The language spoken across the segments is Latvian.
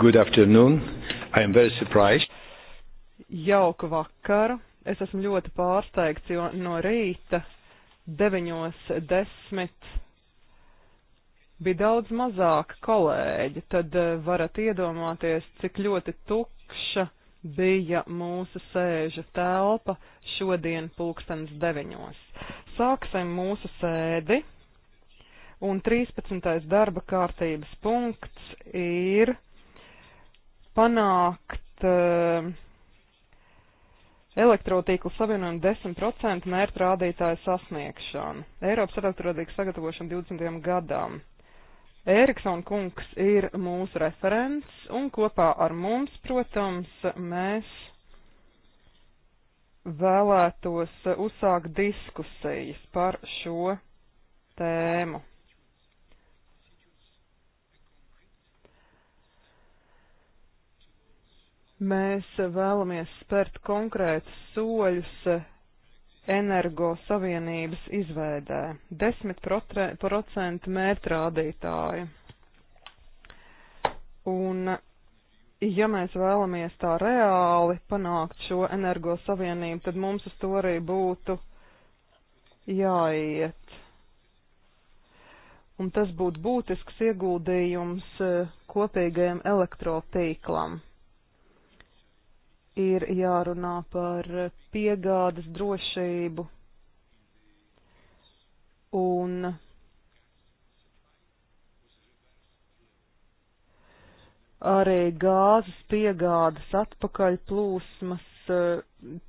Good afternoon. I am very surprised. Jauka vakara. Es esmu ļoti pārsteigts, jo no rīta 9.10 bija daudz mazāk kolēģi. Tad eh, varat iedomāties, cik ļoti tukša bija mūsu sēžu telpa šodien pulkstens 9. Sāksim mūsu sēdi. Un 13. darba kārtības punkts ir panākt uh, elektrotīklu savienojumu 10% mērķa rādītāju sasniegšanu. Eiropas elektrotīklu sagatavošanu 20. gadam. Eriksona kungs ir mūsu referents, un kopā ar mums, protams, mēs vēlētos uzsākt diskusijas par šo tēmu. Mēs vēlamies spērt konkrētus soļus energo savienības izveidē. 10% mērķrādītāju. Un ja mēs vēlamies tā reāli panākt šo energo savienību, tad mums uz to arī būtu jāiet. Un tas būtu būtisks ieguldījums eh, kopīgajam elektrotīklam ir jārunā par piegādes drošību un arī gāzes piegādes atpakaļ plūsmas,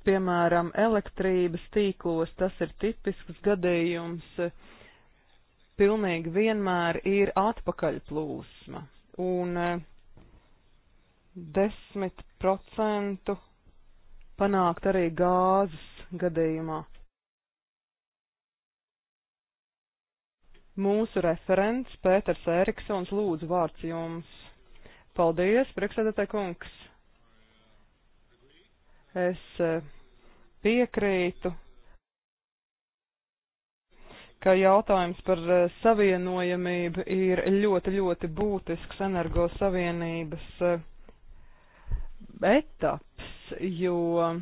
piemēram, elektrības tīklos, tas ir tipisks gadījums, pilnīgi vienmēr ir atpakaļ plūsma. Un 10% panākt arī gāzes gadījumā. Mūsu referents Pēters Eriksons lūdzu vārds jums. Paldies, priekšsēdētāji kungs. Es eh, piekrītu, ka jautājums par eh, savienojamību ir ļoti, ļoti būtisks energosavienības savienības eh, etaps, jo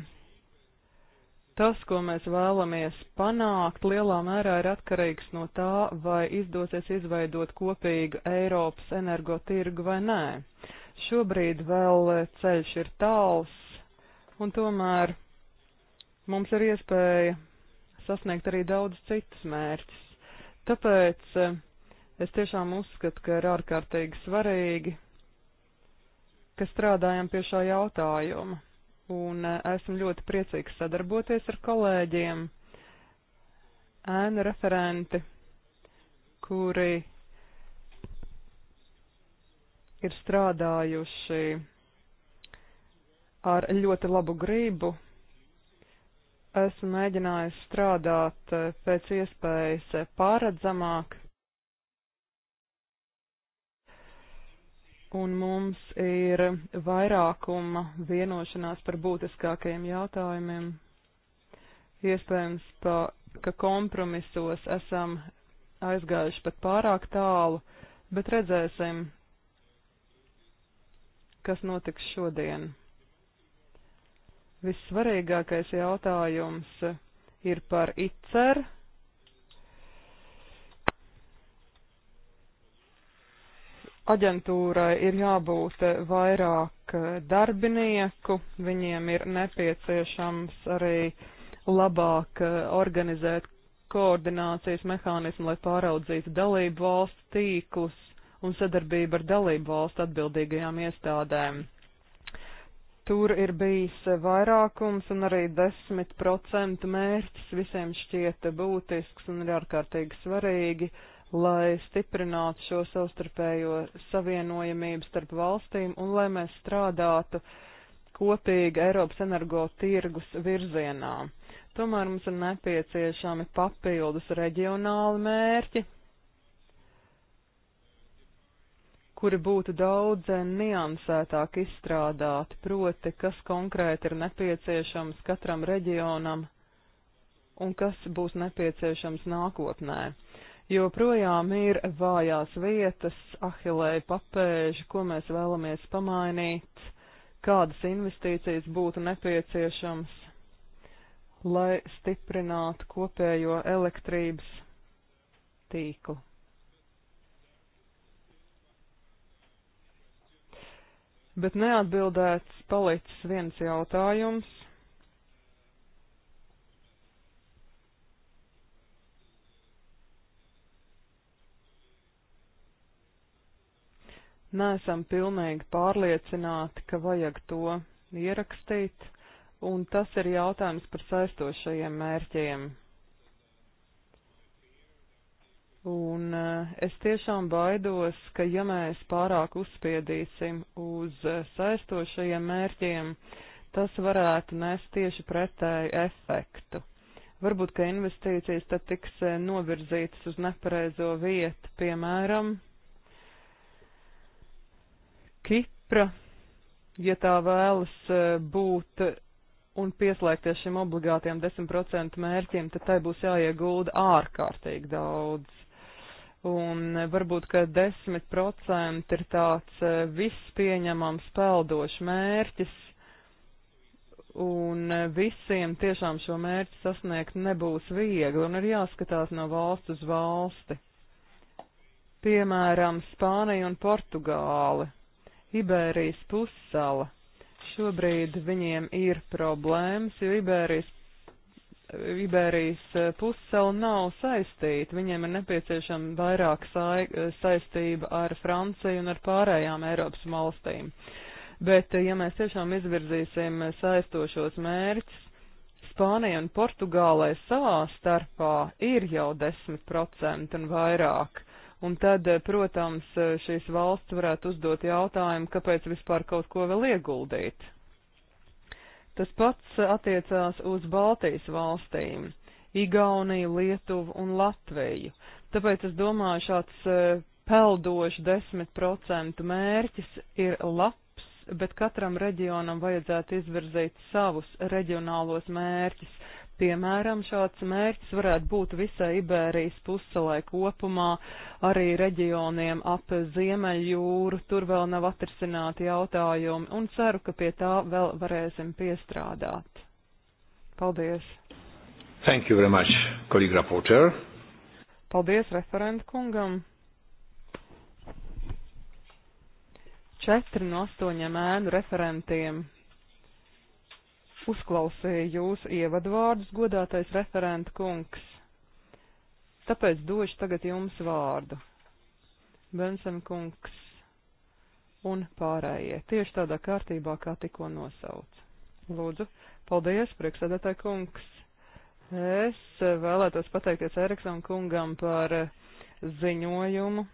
tas, ko mēs vēlamies panākt, lielā mērā ir atkarīgs no tā, vai izdosies izveidot kopīgu Eiropas energotirgu vai nē. Šobrīd vēl ceļš ir tāls, un tomēr mums ir iespēja sasniegt arī daudz citus mērķus. Tāpēc eh, es tiešām uzskatu, ka ir ārkārtīgi svarīgi ka strādājam pie šā jautājuma, un eh, esmu ļoti priecīgs sadarboties ar kolēģiem, ēnu referenti, kuri ir strādājuši ar ļoti labu gribu. Esmu mēģinājis strādāt eh, pēc iespējas eh, pāredzamāk, un mums ir vairākuma vienošanās par būtiskākajiem jautājumiem. Iespējams, pa, ka kompromisos esam aizgājuši pat pārāk tālu, bet redzēsim, kas notiks šodien. Vissvarīgākais jautājums ir par ICER aģentūrai ir jābūt vairāk darbinieku, viņiem ir nepieciešams arī labāk organizēt koordinācijas mehānismu, lai pāraudzītu dalību valstu tīklus un sadarbību ar dalību valstu atbildīgajām iestādēm. Tur ir bijis vairākums un arī 10% mērķis visiem šķiet būtisks un ir ārkārtīgi svarīgi. Uh, lai stiprinātu šo savstarpējo savienojamību starp valstīm un lai mēs strādātu kopīgi Eiropas energo tirgus virzienā. Tomēr mums ir nepieciešami papildus reģionāli mērķi, kuri būtu daudz niansētāk izstrādāti, proti, kas konkrēti ir nepieciešams katram reģionam un kas būs nepieciešams nākotnē joprojām ir vājās vietas, ahilēja papēži, ko mēs vēlamies pamainīt, kādas investīcijas būtu nepieciešams, lai stiprinātu kopējo elektrības tīklu. Bet neatbildēts palicis viens jautājums neesam pilnīgi pārliecināti, ka vajag to ierakstīt, un tas ir jautājums par saistošajiem mērķiem. Un eh, es tiešām baidos, ka ja mēs pārāk uzspiedīsim uz eh, saistošajiem mērķiem, tas varētu nest tieši pretēju efektu. Varbūt, ka investīcijas tad tiks eh, novirzītas uz nepareizo vietu, piemēram, Kipra, ja tā vēlas e, būt un pieslēgties šim obligātiem 10% mērķiem, tad tai būs jāiegulda ārkārtīgi daudz. Un e, varbūt, ka 10% ir tāds e, viss pieņemams peldošs mērķis, un visiem tiešām šo mērķi sasniegt nebūs viegli, un ir jāskatās no valsts uz valsti. Piemēram, Spānija un Portugāli Ibērijas pussala. Šobrīd viņiem ir problēmas, jo Ibērijas, Ibērijas eh, pussala nav saistīta. Viņiem ir nepieciešama vairāk eh, saistība ar Franciju un ar pārējām Eiropas valstīm. Bet, eh, ja mēs tiešām izvirzīsim saistošos mērķus, Spānija un Portugālē savā starpā ir jau 10% un vairāk. Un tad, eh, protams, eh, šīs valsts varētu uzdot jautājumu, kāpēc vispār kaut ko vēl ieguldīt. Tas pats attiecās uz Baltijas valstīm - Igauniju, Lietuvu un Latviju. Tāpēc es domāju, šāds eh, peldošs 10% mērķis ir labs, bet katram reģionam vajadzētu izvirzīt savus reģionālos mērķus. Piemēram, šāds mērķis varētu būt visai Ibērijas pussalai kopumā, arī reģioniem ap Ziemeļjūru, tur vēl nav atrasināti jautājumi, un ceru, ka pie tā vēl varēsim piestrādāt. Paldies! Thank you very much, kolīga rapporteur. Paldies referentu kungam. Četri no astoņiem ēnu referentiem uzklausīju jūsu ievadvārdus, godātais referenta kungs. Tāpēc došu tagad jums vārdu. Bensen kungs un pārējie. Tieši tādā kārtībā, kā tikko nosauc. Lūdzu, paldies, priekšsēdētāji kungs. Es vēlētos pateikties Eriksam kungam par ziņojumu,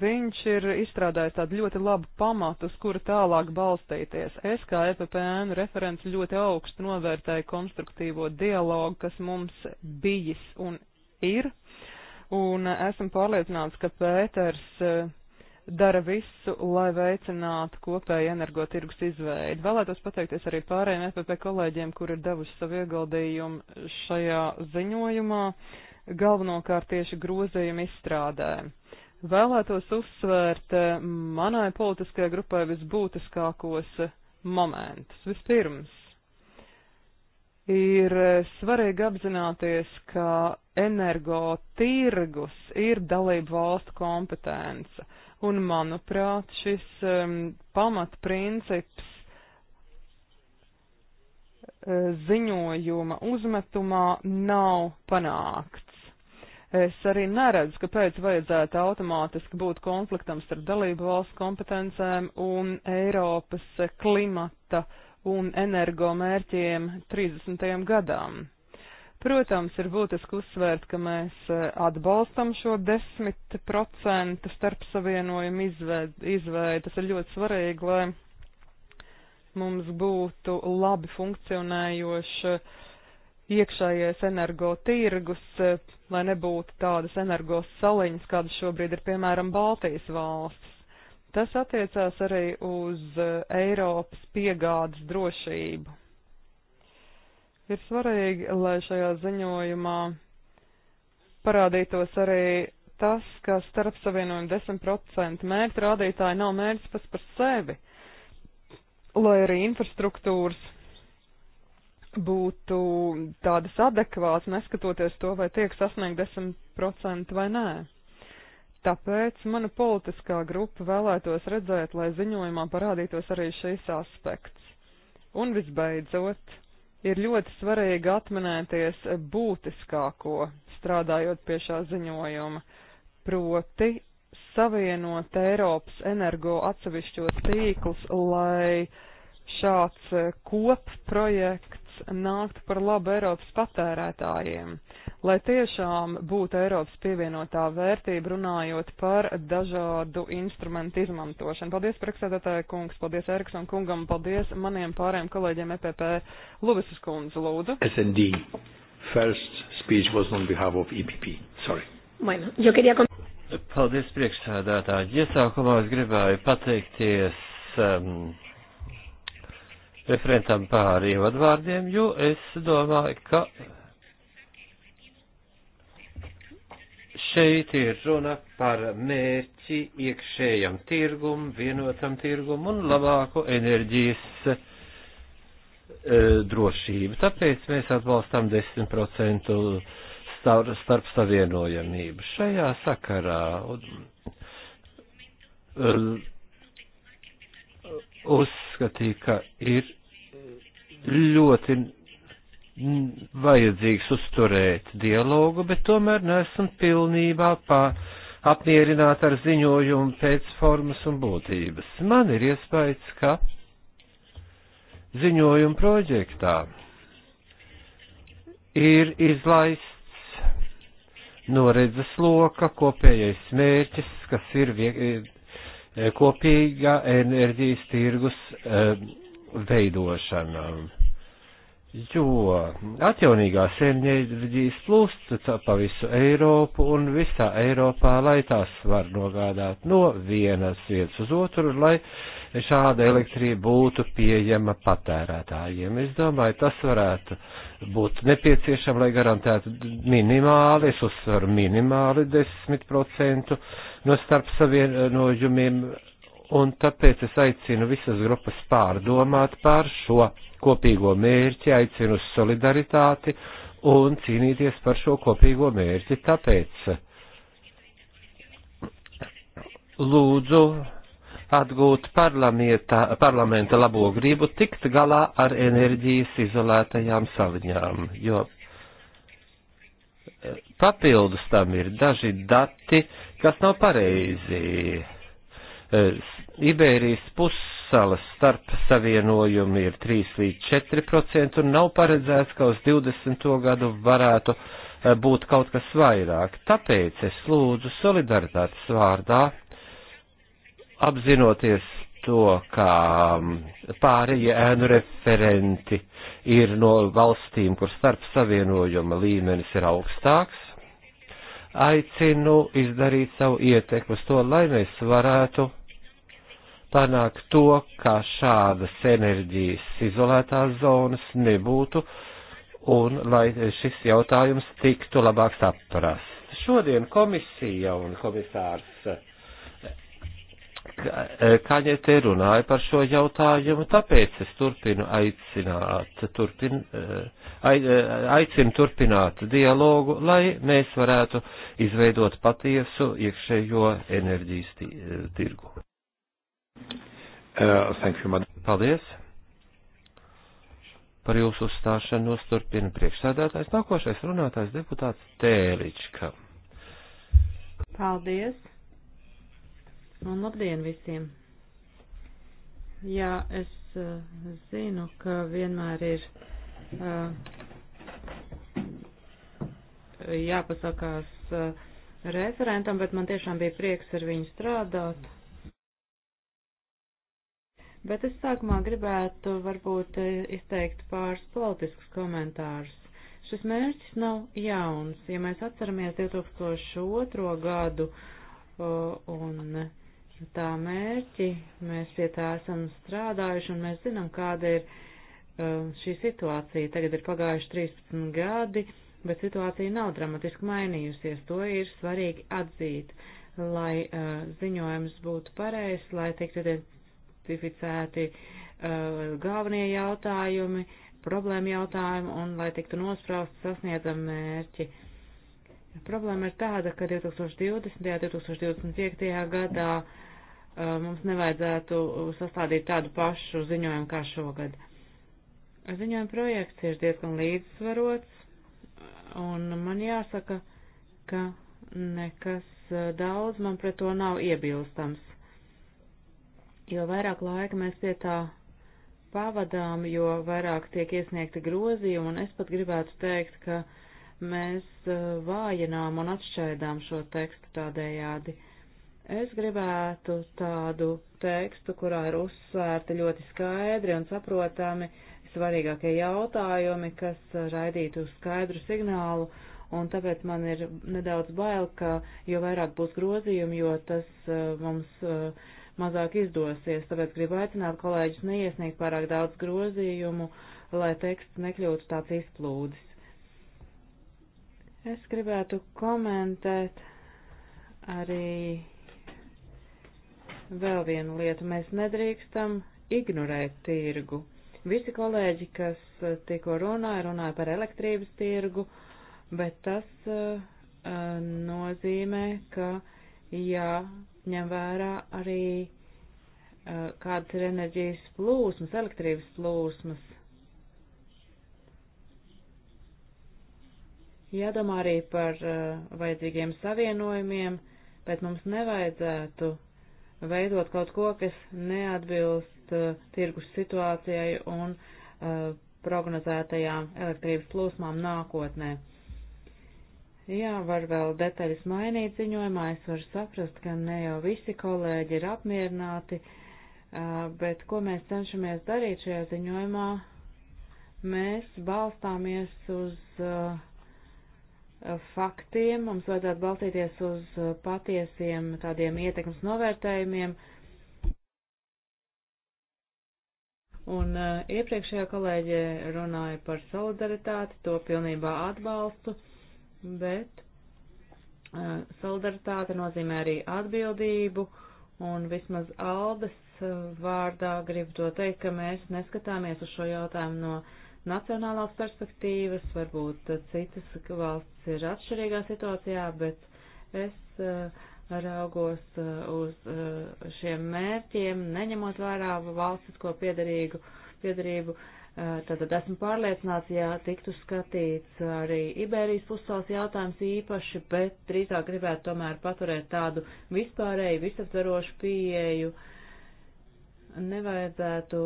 Viņš ir izstrādājis tādu ļoti labu pamatu, uz kura tālāk balstīties. Es kā EPPN referents ļoti augstu novērtēju konstruktīvo dialogu, kas mums bijis un ir, un esmu pārliecināts, ka Pēters eh, dara visu, lai veicinātu kopēju energotirgus izveidi. Vēlētos pateikties arī pārējiem FPP e kolēģiem, kur ir devuši savu ieguldījumu šajā ziņojumā, galvenokārt tieši grozījuma izstrādē. Vēlētos uzsvērt eh, manai politiskajai grupai visbūtiskākos eh, momentus. Vispirms, ir eh, svarīgi apzināties, ka energotirgus ir dalību valstu kompetence, un, manuprāt, šis um, pamatprincips uh, ziņojuma uzmetumā nav panākts. Es arī neredzu, kāpēc vajadzētu automātiski būt konfliktam starp dalību valsts kompetencēm un Eiropas klimata un energo mērķiem 30. gadām. Protams, ir būtiski uzsvērt, ka mēs eh, atbalstam šo 10% starp savienojumu izvēli. Tas ir ļoti svarīgi, lai mums būtu labi funkcionējoši iekšējais energo tirgus lai nebūtu tādas energos saliņas, kādas šobrīd ir piemēram Baltijas valstis. Tas attiecās arī uz e, Eiropas piegādes drošību. Ir svarīgi, lai šajā ziņojumā parādītos arī tas, ka starp savienojumu 10% mērķa rādītāji nav mērķis pats par sevi, lai arī infrastruktūras būtu tādas adekvātas, neskatoties to, vai tiek sasniegt 10% vai nē. Tāpēc mana politiskā grupa vēlētos redzēt, lai ziņojumā parādītos arī šīs aspekts. Un visbeidzot, ir ļoti svarīgi atminēties būtiskāko, strādājot pie šā ziņojuma, proti savienot Eiropas energo atsevišķos tīklus, lai šāds kopprojekts tāds nāktu par labu Eiropas patērētājiem, lai tiešām būtu Eiropas pievienotā vērtība runājot par dažādu instrumentu izmantošanu. Paldies, priekšsēdētāja kungs, paldies Eriksam kungam, paldies maniem pārējiem kolēģiem EPP. Luvisas kundze, lūdzu. SND. First speech was on behalf of EPP. Sorry. Bueno, yo quería... Paldies, priekšsēdētāji. Iesākumā es gribēju pateikties. Um, referentam pār ievadvārdiem, jo es domāju, ka šeit ir runa par mērķi iekšējam tirgum, vienotam tirgum un labāku enerģijas e, drošību. Tāpēc mēs atbalstam 10% starp, starp savienojamību šajā sakarā. Un, e, uzskatīja, ka ir ļoti vajadzīgs uzturēt dialogu, bet tomēr nesam pilnībā pa, apmierināti ar ziņojumu pēc formas un būtības. Man ir iespējas, ka ziņojuma projektā ir izlaists noredzes loka kopējais mērķis, kas ir E, kopīga enerģijas tirgus e, veidošanām. Jo atjaunīgās enerģijas plūst pa visu Eiropu un visā Eiropā, lai tās var nogādāt no vienas vietas uz otru, lai šāda elektrība būtu pieejama patērētājiem. Es domāju, tas varētu būt nepieciešams, lai garantētu minimāli, es uzsveru minimāli 10% no starp savienojumiem, un tāpēc es aicinu visas grupas pārdomāt par šo kopīgo mērķi, aicinu uz solidaritāti un cīnīties par šo kopīgo mērķi. Tāpēc lūdzu atgūt parlamenta labo gribu tikt galā ar enerģijas izolētajām saviņām, jo papildus tam ir daži dati kas nav pareizi. E, Iberijas pussalas starp savienojumi ir 3 līdz 4 procenti un nav paredzēts, ka uz 20. gadu varētu e, būt kaut kas vairāk. Tāpēc es lūdzu solidaritātes vārdā, apzinoties to, ka pārējie ēnu referenti ir no valstīm, kur starp savienojuma līmenis ir augstāks, aicinu izdarīt savu ietekmu uz to, lai mēs varētu panākt to, ka šādas enerģijas izolētās zonas nebūtu un lai šis jautājums tiktu labāk saprasts. Šodien komisija un komisārs E, Kaņete runāja par šo jautājumu, tāpēc es turpinu aicināt, turpin, e, e, aicinu turpināt dialogu, lai mēs varētu izveidot patiesu iekšējo enerģijas tirgu. Uh, you, Paldies par jūsu uzstāšanos turpina priekšsēdētājs. Nākošais runātājs deputāts Tērička. Paldies. Un labdien visiem! Jā, es uh, zinu, ka vienmēr ir uh, jāpasakās uh, referentam, bet man tiešām bija prieks ar viņu strādāt. Bet es sākumā gribētu varbūt izteikt pāris politiskus komentārus. Šis mērķis nav jauns. Ja mēs atceramies 2002. gadu uh, un uh, tā mērķi, mēs pie tā esam strādājuši un mēs zinām, kāda ir um, šī situācija. Tagad ir pagājuši 13 gadi, bet situācija nav dramatiski mainījusies. To ir svarīgi atzīt, lai uh, ziņojums būtu pareizs, lai tiktu identificēti uh, galvenie jautājumi, problēma jautājumi un lai tiktu nospraust sasniedzami mērķi. Problēma ir tāda, ka 2020. un 2025. gadā Uh, mums nevajadzētu uh, sastādīt tādu pašu ziņojumu kā šogad. Ziņojuma projekts ir diezgan līdzsvarots, un man jāsaka, ka nekas uh, daudz man pret to nav iebilstams. Jo vairāk laika mēs pie tā pavadām, jo vairāk tiek iesniegti grozījumi, un es pat gribētu teikt, ka mēs vājinām un atšķaidām šo tekstu tādējādi. Uh, Es gribētu tādu tekstu, kurā ir uzsvērti ļoti skaidri un saprotami svarīgākie jautājumi, kas raidītu skaidru signālu, un tāpēc man ir nedaudz bail, ka jo vairāk būs grozījumi, jo tas uh, mums uh, mazāk izdosies. Tāpēc gribu aicināt kolēģus neiesniegt pārāk daudz grozījumu, lai teksts nekļūtu tāds izplūdis. Es gribētu komentēt arī vēl viena lieta. Mēs nedrīkstam ignorēt tirgu. Visi kolēģi, kas eh, tikko runāja, runāja par elektrības tirgu, bet tas uh, nozīmē, ka jāņem vērā arī uh, kādas ir enerģijas plūsmas, elektrības plūsmas. Jādomā arī par uh, vajadzīgiem savienojumiem, bet mums nevajadzētu veidot kaut ko, kas neatbilst uh, tirgus situācijai un uh, prognozētajām elektrības plūsmām nākotnē. Jā, var vēl detaļas mainīt ziņojumā, es varu saprast, ka ne jau visi kolēģi ir apmierināti, uh, bet ko mēs cenšamies darīt šajā ziņojumā? Mēs balstāmies uz uh, faktiem, mums vajadzētu balstīties uz patiesiem tādiem ietekmes novērtējumiem. Un uh, iepriekšējā kolēģe runāja par solidaritāti, to pilnībā atbalstu, bet uh, solidaritāte nozīmē arī atbildību, un vismaz Aldes uh, vārdā gribu to teikt, ka mēs neskatāmies uz šo jautājumu no nacionālās perspektīvas, varbūt citas valsts ir atšķirīgā situācijā, bet es eh, raugos eh, uz eh, šiem mērķiem, neņemot vērā valstisko piedarīgu, piedarību. Tātad esmu pārliecināts, ja tiktu skatīts arī Iberijas pussalas jautājums īpaši, bet drīzāk gribētu tomēr paturēt tādu vispārēju, visaptverošu pieeju. Nevajadzētu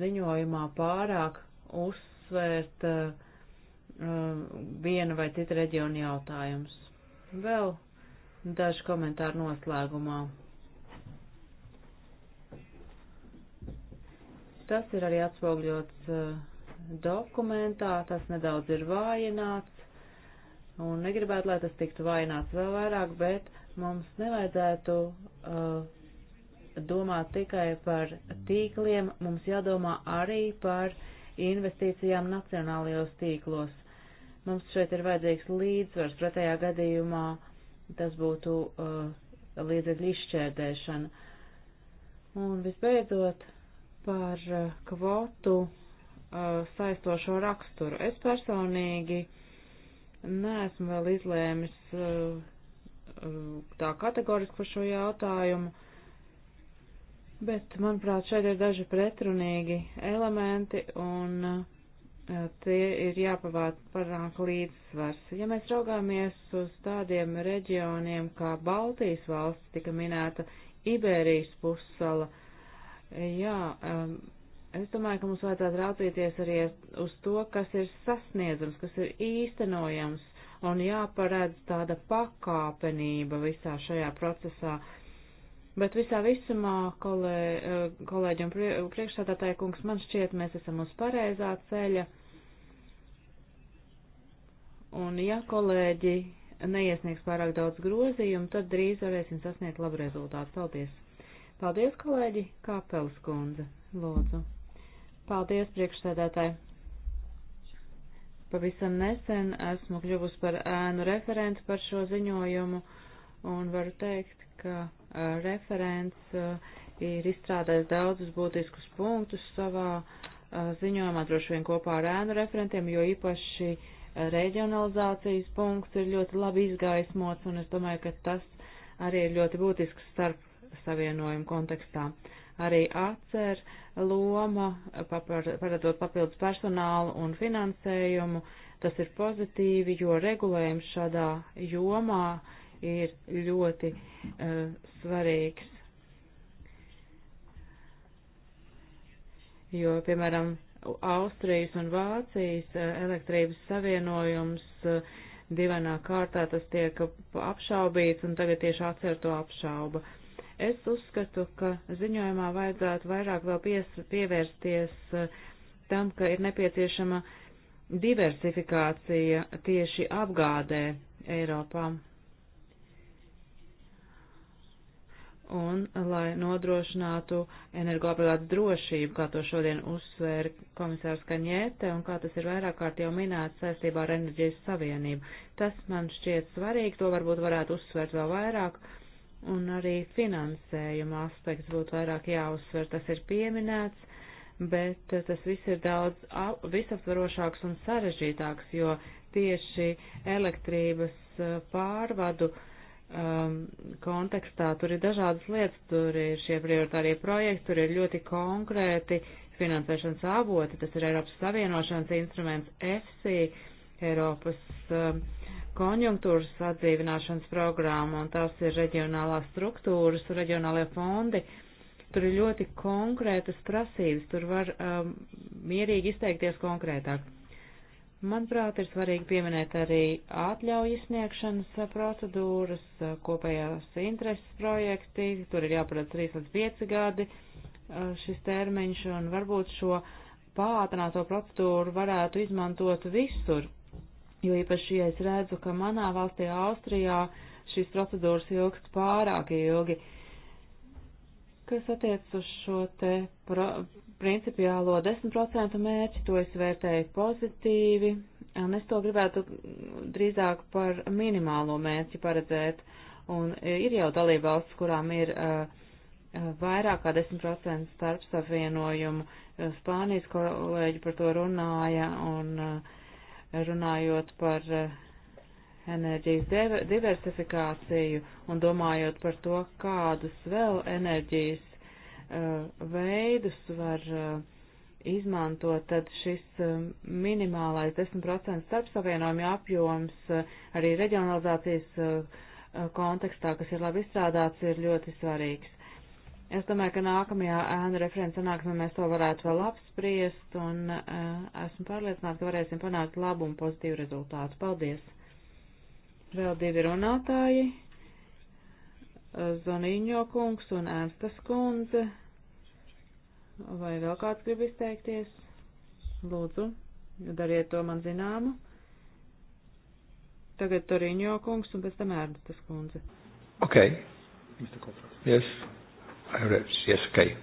ziņojumā pārāk uz uzsvērt uh, viena vai cita reģiona jautājums. Vēl daži komentāri noslēgumā. Tas ir arī atspogļots uh, eh, dokumentā, tas nedaudz ir vājināts, un negribētu, lai tas tiktu vājināts vēl vairāk, bet mums nevajadzētu uh, domāt tikai par tīkliem, mums jādomā arī par uh, investīcijām nacionālajos tīklos. Mums šeit ir vajadzīgs līdzsvars, pretējā gadījumā tas būtu uh, līdzekļu izšķērdēšana. Un visbeidzot par uh, kvotu uh, saistošo raksturu. Es personīgi neesmu vēl izlēmis uh, uh tā kategoriski par šo jautājumu. Uh, Bet, manuprāt, šeit ir daži pretrunīgi elementi un e, tie ir jāpavāt parāk līdzsvars. Ja mēs raugāmies uz tādiem reģioniem kā Baltijas valsts, tika minēta Iberijas pussala, jā, e, es domāju, ka mums vajadzētu raucīties arī uz to, kas ir sasniedzams, kas ir īstenojams un jāparedz tāda pakāpenība visā šajā procesā Bet visā visumā, kolē, eh, kolēģi un priekšsādātāja kungs, man šķiet, mēs esam uz pareizā ceļa. Un ja kolēģi neiesniegs pārāk daudz grozījumu, tad drīz varēsim sasniegt labu rezultātu. Paldies! Paldies, kolēģi! Kāpels kundze, lūdzu! Paldies, priekšsādātāji! Pavisam nesen esmu kļuvusi par ēnu referentu par šo ziņojumu un varu teikt, ka Eh, referents eh, ir izstrādājis daudzus būtiskus punktus savā eh, ziņojumā, droši vien kopā ar ēnu referentiem, jo īpaši reģionalizācijas punkts ir ļoti labi izgaismots, un es domāju, ka tas arī ir ļoti būtisks starp savienojumu kontekstā. Arī atcer loma, paredzot papildus personālu un finansējumu, tas ir pozitīvi, jo regulējums šādā jomā uh, ir ļoti uh, svarīgs. Jo, piemēram, Austrijas un Vācijas eh, elektrības savienojums uh, divainā kārtā tas tiek apšaubīts un tagad tieši atcer to apšauba. Es uzskatu, ka ziņojumā vajadzētu vairāk vēl pies, pievērsties uh, tam, ka ir nepieciešama diversifikācija tieši apgādē Eiropā. un lai nodrošinātu energoapgādes drošību, kā to šodien uzsvēra komisārs Kaņēte un kā tas ir vairāk kārt jau minēts saistībā ar enerģijas savienību. Tas man šķiet svarīgi, to varbūt varētu uzsvērt vēl vairāk, un arī finansējuma aspekts būtu vairāk jāuzsver, tas ir pieminēts, bet tas viss ir daudz visaptvarošāks un sarežģītāks, jo tieši elektrības eh, pārvadu uh, um, kontekstā. Tur ir dažādas lietas, tur ir šie prioritārie projekti, tur ir ļoti konkrēti finansēšanas avoti, tas ir Eiropas Savienošanas instruments EFSI, Eiropas um, konjunktūras atdzīvināšanas programma, un tās ir reģionālās struktūras, reģionālie fondi. Tur ir ļoti konkrētas prasības, tur var um, mierīgi izteikties konkrētāk. Manuprāt, ir svarīgi pieminēt arī atļauju izsniegšanas eh, procedūras, eh, kopējās intereses projekti, tur ir jāparedz 3 līdz 5 gadi eh, šis termiņš, un varbūt šo pātrināto procedūru varētu izmantot visur, jo īpaši, ja es redzu, ka manā valstī Austrijā šīs procedūras ilgst pārāk ilgi, uh, Kas attiec uz šo te pro, principiālo 10% mērķi, to es vērtēju pozitīvi, un es to gribētu drīzāk par minimālo mērķi paredzēt. Un e, ir jau dalībvalsts, kurām ir uh, vairāk kā 10% starpsavienojumu. Spānijas kolēģi par to runāja, un runājot par enerģijas diversifikāciju un domājot par to, kādus vēl enerģijas uh, veidus var uh, izmantot, tad šis uh, minimālais 10% starpsavienojuma apjoms uh, arī reģionalizācijas uh, kontekstā, kas ir labi izstrādāts, ir ļoti svarīgs. Es domāju, ka nākamajā ēnu referents sanāksmē mēs to varētu vēl apspriest, un uh, esmu pārliecināta, ka varēsim panākt labu un pozitīvu rezultātu. Paldies! Vēl divi runātāji. Zoniņo kungs un Ēnstas kundze. Vai vēl kāds grib izteikties? Lūdzu, dariet to man zināmu. Tagad Toriņo kungs un pēc tam Ēnstas kundze. Ok. Yes. Yes, okay.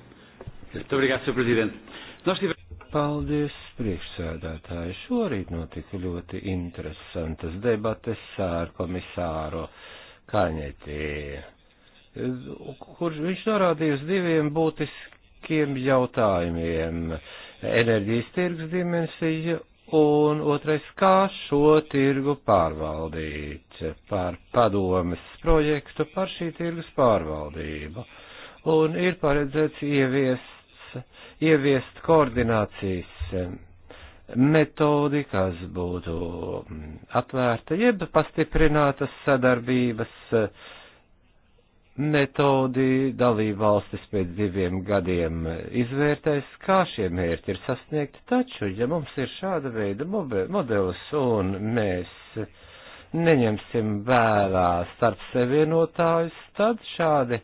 Yes. Obrigado, Sr. Presidente. Nós tivemos... Paldies, priekšsēdētāji. Šorīt notika ļoti interesantas debates ar komisāru Kaņetī, kur viņš norādīja uz diviem būtiskiem jautājumiem - enerģijas tirgus dimensija un otrais, kā šo tirgu pārvaldīt, par padomes projektu, par šī tirgus pārvaldību. Un ir paredzēts ieviest, ieviest koordinācijas metodi, kas būtu mm, atvērta, jeb pastiprinātas sadarbības eh, metodi dalību valstis pēc diviem gadiem izvērtēs, kā šie mērķi ir sasniegti, taču, ja mums ir šāda veida modelis un mēs neņemsim vērā starp sevienotājus, tad šādi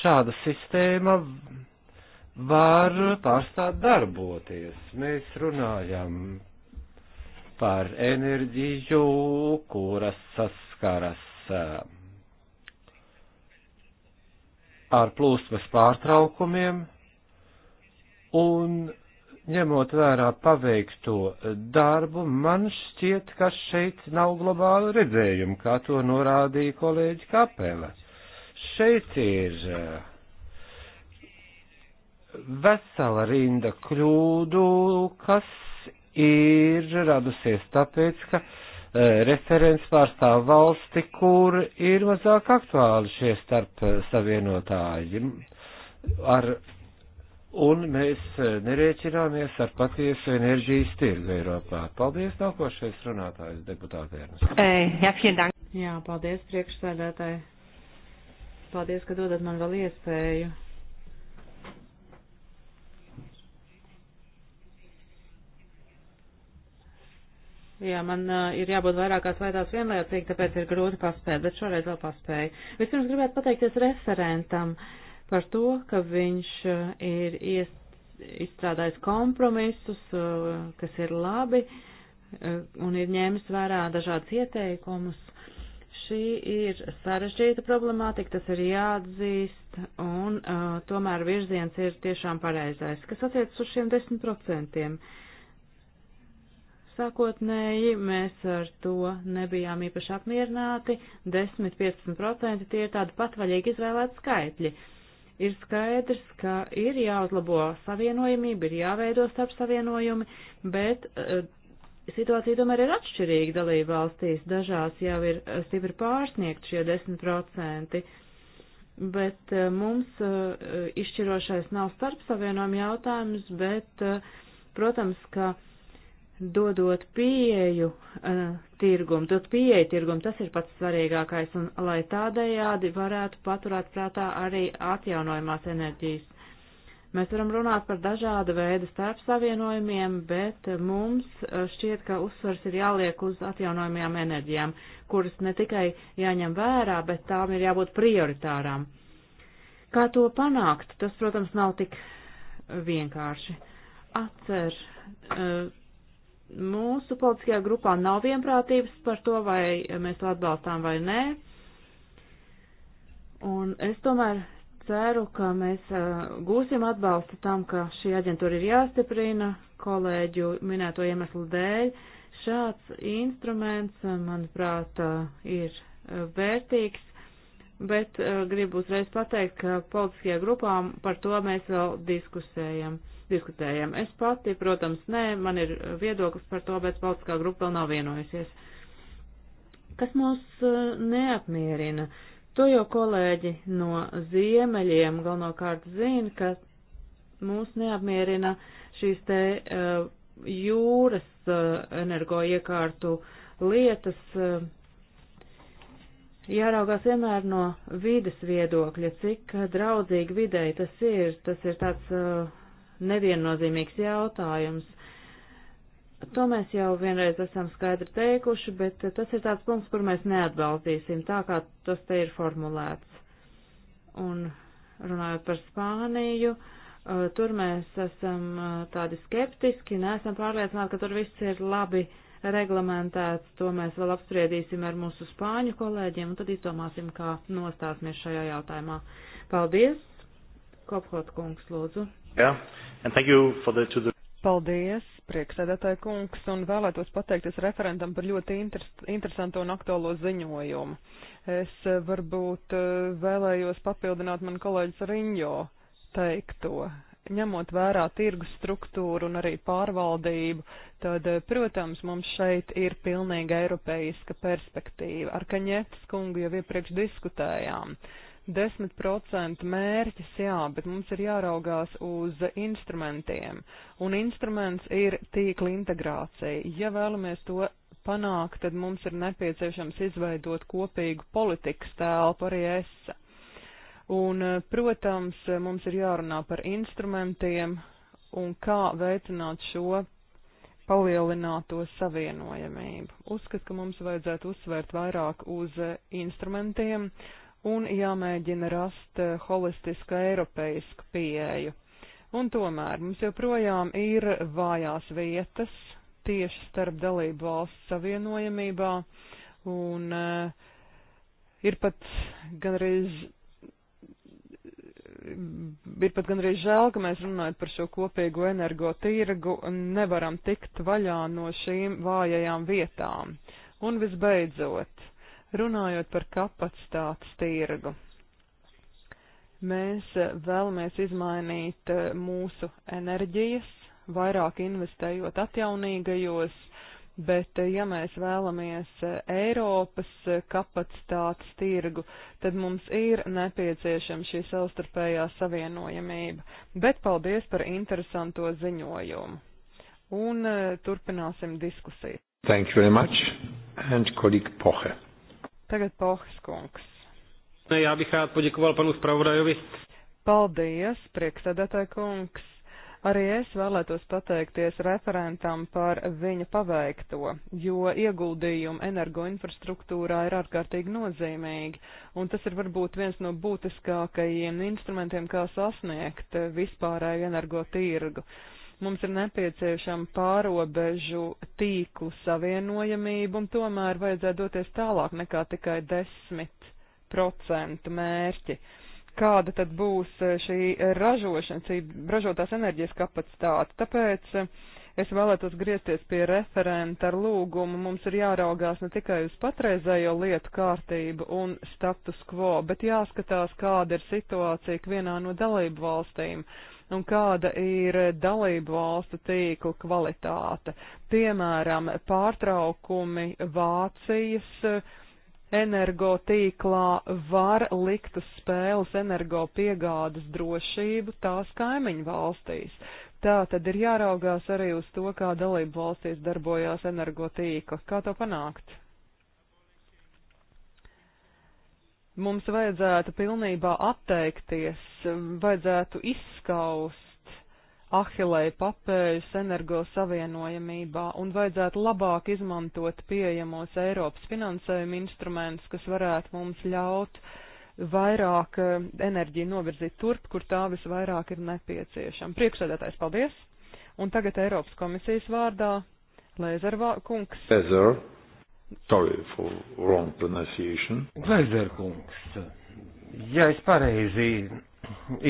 šāda sistēma var pārstāt darboties. Mēs runājam par enerģiju, kuras saskaras eh, ar plūsmas pārtraukumiem, un ņemot vērā paveikto darbu, man šķiet, ka šeit nav globāla redzējuma, kā to norādīja kolēģi Kapela. Šeit ir uh, vesela rinda kļūdu, kas ir radusies tāpēc, ka e, referents pārstāv valsti, kur ir mazāk aktuāli šie starp savienotāji. Ar, un mēs e, nerēķināmies ar patiesu enerģijas tirgu Eiropā. Paldies, nākošais runātājs, deputāte Ernsts. E, jā, paldies priekšsēdētāji. Paldies, ka dodat man vēl iespēju Jā, man uh, ir jābūt vairākās lietās vienlaicīgi, tāpēc ir grūti paspēt, bet šoreiz vēl paspēju. Vispirms gribētu pateikties referentam par to, ka viņš uh, ir ies, izstrādājis kompromisus, uh, kas ir labi uh, un ir ņēmis vērā dažādas ieteikumus. Šī ir sarežģīta problemātika, tas ir jāatzīst, un uh, tomēr virziens ir tiešām pareizais, kas attiecas uz šiem desmit procentiem. Uh, Sākotnēji mēs ar to nebijām īpaši apmierināti, 10-15% tie ir tādi patvaļīgi izvēlēti skaitļi. Ir skaidrs, ka ir jāuzlabo savienojumība, ir jāveido starp savienojumi, bet uh, situācija tomēr ir atšķirīga dalība valstīs. Dažās jau ir eh, stipri pārsniegt šie 10%, bet uh, mums uh, izšķirošais nav starp savienojumu jautājums, bet, protams, ka dodot pieeju uh, tirgumu, dot pieeju tirgumu, tas ir pats svarīgākais, un lai tādējādi varētu paturēt prātā arī atjaunojumās enerģijas. Mēs varam runāt par dažāda veida starp savienojumiem, bet mums šķiet, ka uzsvars ir jāliek uz atjaunojumajām enerģijām, kuras ne tikai jāņem vērā, bet tām ir jābūt prioritārām. Kā to panākt, tas, protams, nav tik vienkārši. Atcer, uh, Mūsu politiskajā grupā nav vienprātības par to, vai mēs to atbalstām vai nē. Un es tomēr ceru, ka mēs uh, gūsim atbalstu tam, ka šī aģentūra ir jāstiprina kolēģu minēto iemeslu dēļ. Šāds instruments, uh, manuprāt, uh, ir vērtīgs bet uh, gribu uzreiz pateikt, ka politiskajā grupā par to mēs vēl diskusējam diskutējam. Es pati, protams, nē, man ir viedoklis par to, bet politiskā grupa vēl nav vienojusies. Kas mūs e, neapmierina? To jau kolēģi no ziemeļiem galvenokārt zina, ka mūs neapmierina šīs te e, jūras e, energoiekārtu lietas. Jāraugās vienmēr no vides viedokļa, cik draudzīgi videi tas ir. Tas ir tāds uh, neviennozīmīgs jautājums. To mēs jau vienreiz esam skaidri teikuši, bet tas ir tāds punkts, kur mēs neatbalstīsim tā, kā tas te ir formulēts. Un runājot par Spāniju, uh, tur mēs esam uh, tādi skeptiski, neesam pārliecināti, ka tur viss ir labi reglamentēts. To mēs vēl apspriedīsim ar mūsu spāņu kolēģiem un tad izdomāsim, kā nostāsimies šajā jautājumā. Paldies! Kophot kungs, lūdzu. Yeah. The, the... Paldies, prieksēdētāji kungs, un vēlētos pateikties referentam par ļoti interes, interesantu un aktuālo ziņojumu. Es eh, varbūt eh, vēlējos papildināt man kolēģis Riņo teikto ņemot vērā tirgus struktūru un arī pārvaldību, tad, eh, protams, mums šeit ir pilnīgi eiropeiska perspektīva. Ar Kaņetas kungu jau iepriekš diskutējām. Uh, 10% mērķis, jā, bet mums ir jāraugās uz instrumentiem. Un instruments ir tīkla integrācija. Ja vēlamies to panākt, tad mums ir nepieciešams izveidot kopīgu politikas tēlpu arī ESA. Un, eh, protams, mums ir jārunā par instrumentiem un kā veicināt šo palielināto savienojamību. Uzskat, ka mums vajadzētu uzsvērt vairāk uz eh, instrumentiem un jāmēģina rast eh, holistisku eiropeisku pieeju. Un tomēr mums joprojām ir vājās vietas tieši starp dalību valsts savienojamībā, un uh, ir pat gandrīz ir pat gandrīz žēl, ka mēs runājot par šo kopīgo energo tirgu nevaram tikt vaļā no šīm vājajām vietām. Un visbeidzot, Runājot par kapacitātes tirgu, mēs eh, vēlamies izmainīt eh, mūsu enerģijas, vairāk investējot atjaunīgajos, bet eh, ja mēs vēlamies Eiropas kapacitātes tirgu, tad mums ir nepieciešama šī savstarpējā savienojamība. Bet paldies par interesanto ziņojumu. Un turpināsim diskusiju. Thank you very much and colleague Poche. Tagad Pohskungs. Jā, bych rād paģikoval panu spravodajovi. Paldies, prieksēdētāji kungs. Arī es vēlētos pateikties referentam par viņa paveikto, jo ieguldījumi energoinfrastruktūrā ir ārkārtīgi nozīmīgi, un tas ir varbūt viens no būtiskākajiem instrumentiem, kā sasniegt vispārēju energo tirgu. Uh, Mums ir nepieciešama pārobežu tīklu savienojamība, un tomēr vajadzētu doties tālāk nekā tikai 10% mērķi. Kāda tad būs eh, šī ražošana, šī ražotās enerģijas kapacitāte? Tāpēc eh, es vēlētos griezties pie referenta ar lūgumu. Mums ir jāraugās ne tikai uz patreizējo lietu kārtību un status quo, bet jāskatās, kāda ir situācija vienā no dalību valstīm. Uh, un kāda ir dalību valstu tīkla kvalitāte. Piemēram, pārtraukumi Vācijas eh, energotīklā var likt uz spēles energopiegādes drošību tās kaimiņu valstīs. Tā tad ir jāraugās arī uz to, kā dalību valstīs darbojās energotīkla. Kā to panākt? Mums vajadzētu pilnībā atteikties, um, vajadzētu izskaust ahilēju papēļus energo savienojamībā un vajadzētu labāk izmantot pieejamos Eiropas finansējuma instrumentus, kas varētu mums ļaut vairāk um, enerģiju novirzīt turp, kur tā visvairāk ir nepieciešama. Priekšsēdētājs, paldies! Un tagad Eiropas komisijas vārdā Lēzervā kungs. Lēzer. Sorry for wrong pronunciation. Gvaizerkungs, ja es pareizi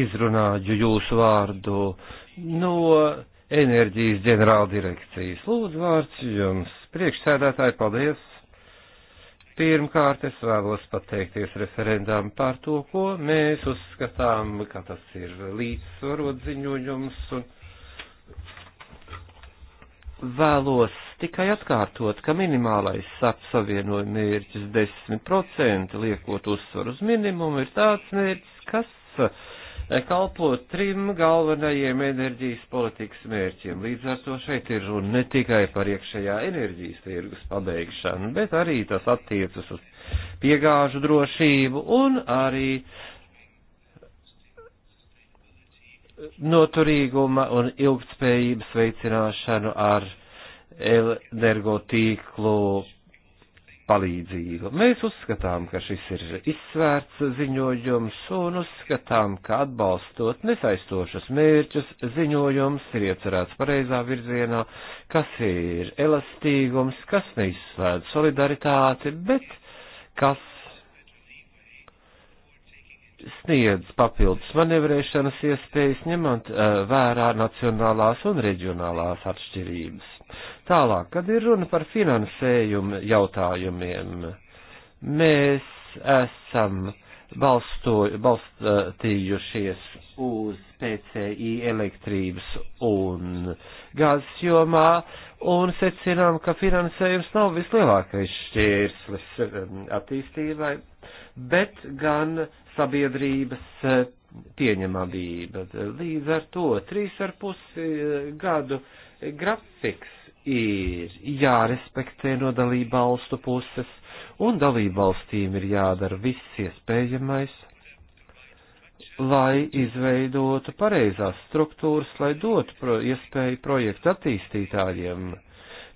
izrunāju jūsu vārdu no enerģijas ģenerāla direkcijas, lūdzu vārds jums. Priekšsēdētāji, paldies. Pirmkārt, es vēlos pateikties referendām par to, ko mēs uzskatām, ka tas ir līdzsvarot ziņojums un vēlos tikai atkārtot, ka minimālais sap savienojuma mērķis 10% liekot uzsvaru uz minimumu ir tāds mērķis, kas eh, kalpo trim galvenajiem enerģijas politikas mērķiem. Līdz ar to šeit ir runa ne tikai par iekšējā enerģijas tirgus pabeigšanu, bet arī tas attiecas uz piegāžu drošību un arī uh, noturīguma un ilgtspējības veicināšanu ar energotīklu palīdzību. Mēs uzskatām, ka šis ir izsvērts ziņojums un uzskatām, ka atbalstot nesaistošus mērķus, ziņojums ir iecerēts pareizā virzienā, kas ir elastīgums, kas neizslēdz solidaritāti, bet kas sniedz papildus manevrēšanas iespējas, ņemot eh, vērā nacionālās un reģionālās atšķirības. Tālāk, kad ir runa par finansējumu jautājumiem, mēs esam balsto, balstījušies uz PCI elektrības un gāzes jomā, uh, un secinām, ka finansējums nav vislielākais šķērslis um, attīstībai, bet gan sabiedrības uh, pieņemamība. Līdz ar to trīs ar pusi uh, gadu grafiks ir jārespektē no dalību valstu puses, un dalību valstīm ir jādara viss iespējamais, lai izveidotu pareizās struktūras, lai dotu pro, iespēju projektu attīstītājiem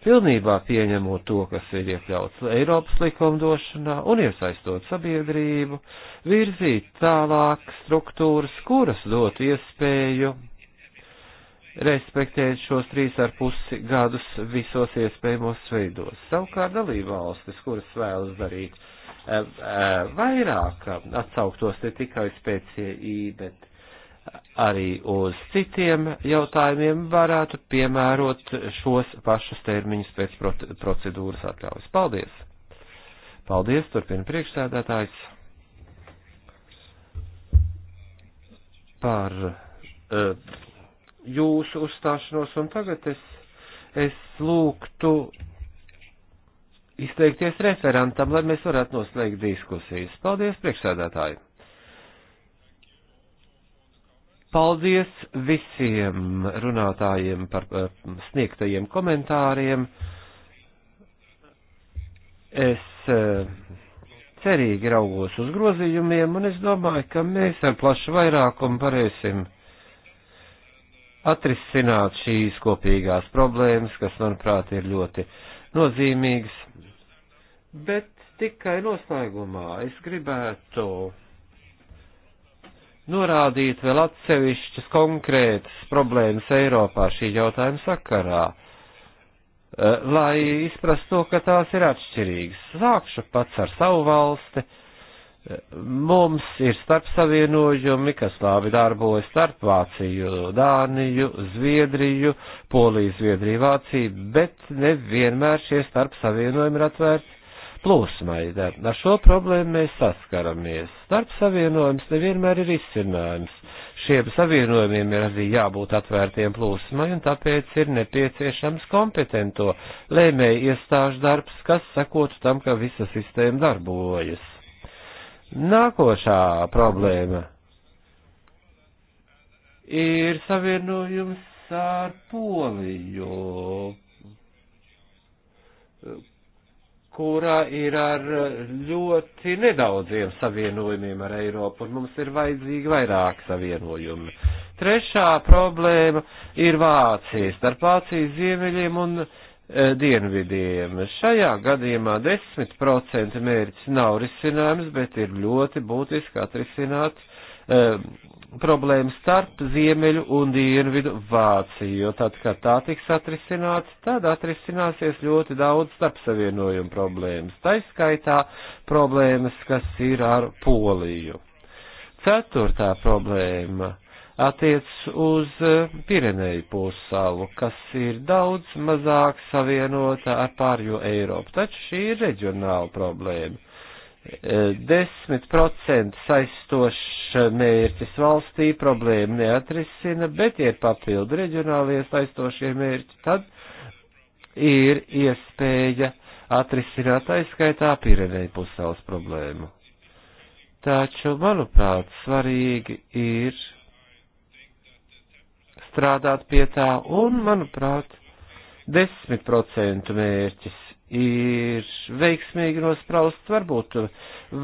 pilnībā pieņemot to, kas ir iekļauts Eiropas likumdošanā un iesaistot sabiedrību, virzīt tālāk struktūras, kuras dotu iespēju respektēt šos trīs ar pusi gadus visos iespējamos veidos. Savukārt dalībvalstis, kuras vēlas darīt Eh, eh, vairāk atsauktos ne tikai uz PCI, bet arī uz citiem jautājumiem varētu piemērot šos pašus termiņus pēc procedūras atļaujas. Paldies! Paldies, turpina priekšsēdētājs par uh, jūsu uzstāšanos, un tagad es, es lūgtu izteikties referentam, lai mēs varētu noslēgt diskusijas. Paldies, priekšsēdētāji! Paldies visiem runātājiem par eh, sniegtajiem komentāriem. Es eh, cerīgi raugos uz grozījumiem, un es domāju, ka mēs ar plašu vairākumu varēsim atrisināt šīs kopīgās problēmas, kas, manuprāt, ir ļoti nozīmīgas. Bet tikai noslēgumā es gribētu norādīt vēl atsevišķas konkrētas problēmas Eiropā šī jautājuma sakarā, eh, lai izprast to, ka tās ir atšķirīgas. Sākšu pats ar savu valsti. Mums ir starp savienojumi, kas labi darbojas starp Vāciju, Dāniju, Zviedriju, Poliju, Zviedriju, Vāciju, bet nevienmēr šie starp savienojumi ir atvērti plūsmai. Ar šo problēmu mēs saskaramies. Starp savienojums nevienmēr ir izcinājums. Šiem savienojumiem ir arī jābūt atvērtiem plūsmai, un tāpēc ir nepieciešams kompetento lēmēju iestāžu darbs, kas sakotu tam, ka visa sistēma darbojas. Nākošā problēma ir savienojums ar Poliju kurā ir ar ļoti nedaudziem savienojumiem ar Eiropu, un mums ir vajadzīgi vairāk savienojumi. Trešā problēma ir Vācija, starp Vācijas ziemeļiem un e, dienvidiem. Šajā gadījumā 10% mērķis nav risinājums, bet ir ļoti būtiski atrisināt um, problēma starp Ziemeļu un Dienvidu Vāciju, jo tad, kad tā tiks atrisināts, tad atrisināsies ļoti daudz starpsavienojumu problēmas, taiskaitā problēmas, kas ir ar Poliju. Ceturtā problēma attiec uz eh, Pireneju pussalu, kas ir daudz mazāk savienota ar pārjo Eiropu, taču šī ir reģionāla problēma 10% saistošs mērķis valstī problēmu neatrisina, bet ir papildu reģionālie saistošie mērķi, tad ir iespēja atrisināt aizskaitā Pirenei pusēlas problēmu. Taču, manuprāt, svarīgi ir strādāt pie tā, un, manuprāt, 10% mērķis ir veiksmīgi nospraust, varbūt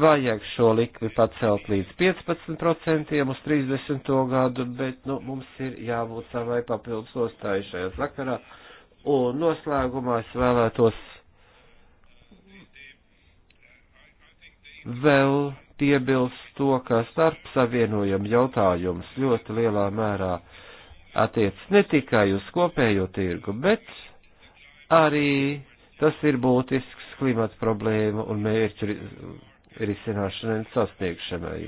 vajag šo likmi pacelt līdz 15% uz 30. gadu, bet nu, mums ir jābūt savai papildus nostāju šajā sakarā. Un noslēgumā es vēlētos vēl piebilst to, ka starp savienojumu jautājums ļoti lielā mērā attiec ne tikai uz kopējo tirgu, bet arī Tas ir būtisks klimata problēma un mērķu risināšanai un sasniegšanai.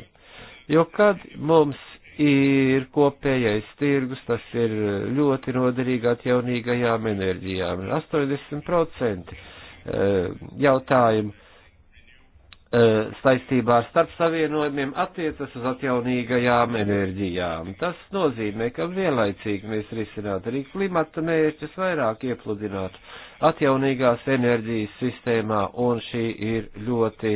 Jo kad mums ir kopējais tirgus, tas ir ļoti noderīgi atjaunīgajām enerģijām. 80% eh, jautājumu eh, saistībā ar starp savienojumiem attiecas uz atjaunīgajām enerģijām. Tas nozīmē, ka vienlaicīgi mēs risinātu arī klimata mērķus, vairāk iepludinātu atjaunīgās enerģijas sistēmā, un šī ir ļoti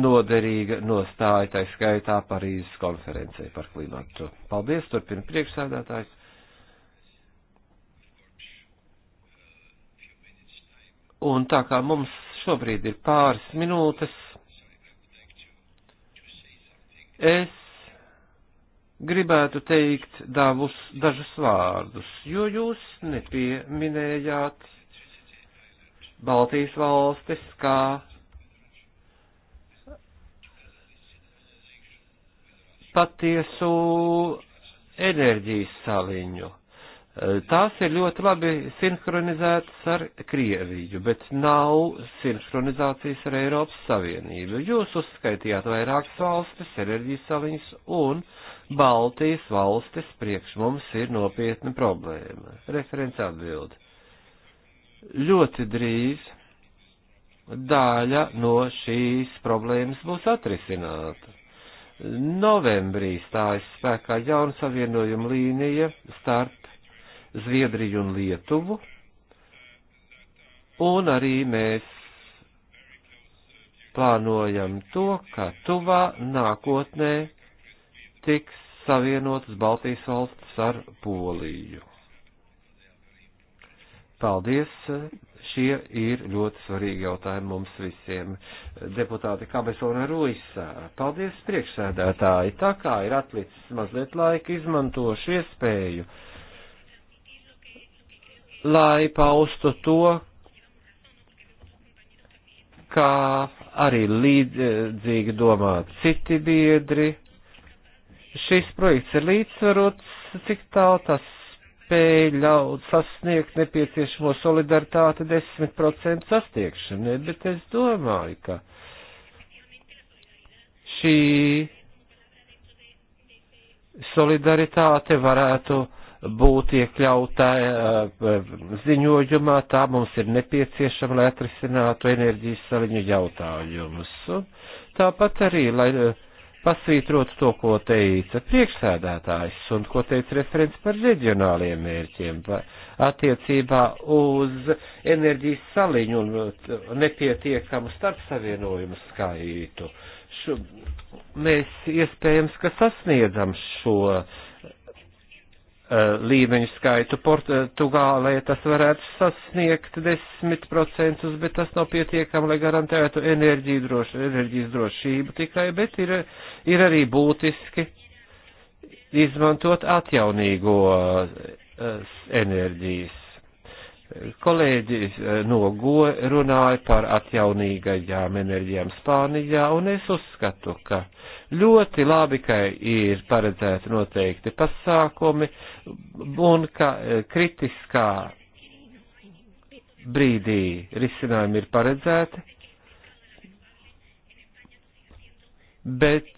noderīga nostāja, tā skaitā Parīzes konferencē par klimatu. Paldies, turpina priekšsēdētājs. Un tā kā mums šobrīd ir pāris minūtes, es gribētu teikt davus, dažus vārdus, jo jūs nepieminējāt Baltijas valstis, kā patiesu enerģijas saviņu. Tās ir ļoti labi sinhronizētas ar Krieviju, bet nav sinhronizācijas ar Eiropas Savienību. Jūs uzskaitījāt vairākas valstis, enerģijas saviņas un Baltijas valstis priekš mums ir nopietna problēma. Referents atbildi ļoti drīz daļa no šīs problēmas būs atrisināta. Novembrī stājas spēkā jauna savienojuma līnija starp Zviedriju un Lietuvu, un arī mēs plānojam to, ka tuvā nākotnē tiks savienotas Baltijas valstis ar Poliju. Paldies! Šie ir ļoti svarīgi jautājumi mums visiem. Deputāti Kabesona Ruisa, paldies priekšsēdētāji. Tā kā ir atlicis mazliet laika, izmantošu iespēju, lai paustu to, kā arī līdzīgi domā citi biedri. Šis projekts ir līdzsvarots, cik tālu tas nespēja sasniegt nepieciešamo solidaritāti 10% sasniegšanai, bet es domāju, ka šī solidaritāte varētu būt iekļautā eh, ziņojumā, tā mums ir nepieciešama, lai atrisinātu enerģijas saliņu jautājumus. Un tāpat arī, lai eh, pasvītrot to, ko teica priekšsēdētājs un ko teica referents par reģionāliem mērķiem attiecībā uz enerģijas saliņu un uh, nepietiekamu starpsavienojumu skaitu. Šo, mēs iespējams, ka sasniedzam šo Uh, līmeņu skaitu Portugālē tas varētu sasniegt 10%, bet tas nav pietiekami, lai garantētu droš, enerģijas drošību tikai, bet ir, ir arī būtiski izmantot atjaunīgo uh, enerģijas Kolēģi eh, no GO runāja par atjaunīgajām enerģijām Spānijā, un es uzskatu, ka ļoti labi, ka ir paredzēti noteikti pasākumi, un ka eh, kritiskā brīdī risinājumi ir paredzēti, bet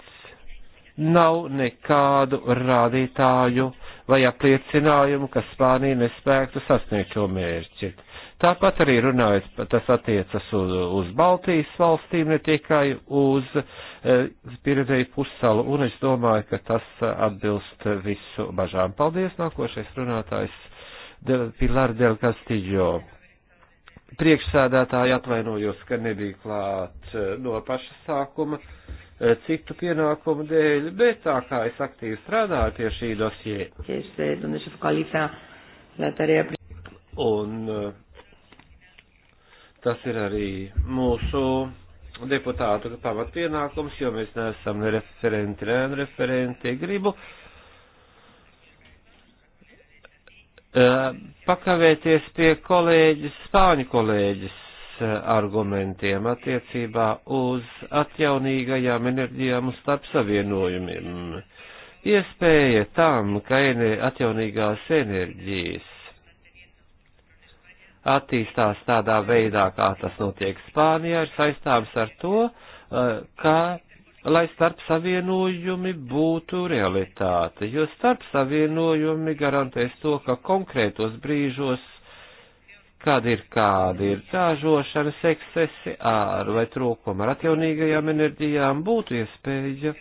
nav nekādu rādītāju vai apliecinājumu, ka Spānija nespētu sasniegt šo mērķi. Tāpat arī runājot, tas attiecas uz, uz Baltijas valstīm, ne tikai uz e, pieredzēju pussalu, un es domāju, ka tas atbilst visu bažām. Paldies, nākošais runātājs De, Pilar del Castillo. Priekšsēdētāji atvainojos, ka nebija klāt e, no paša sākuma. E, Eh, citu pienākumu dēļ, bet tā kā es aktīvi strādāju pie šī dosie. Eh, Un eh, tas ir arī mūsu deputātu pamat pienākums, jo mēs neesam ne referenti, ne referenti. Gribu pakavēties pie kolēģis, spāņu kolēģis argumentiem attiecībā uz atjaunīgajām enerģijām un starp savienojumiem. Iespēja tam, ka atjaunīgās enerģijas attīstās tādā veidā, kā tas notiek Spānijā, ir saistāms ar to, eh, ka, lai starp savienojumi būtu realitāte, jo starp savienojumi garantēs to, ka konkrētos brīžos kad ir kādi ir tāžošanas ekscesi ar vai trūkumi ar atjaunīgajām enerģijām, būtu iespēja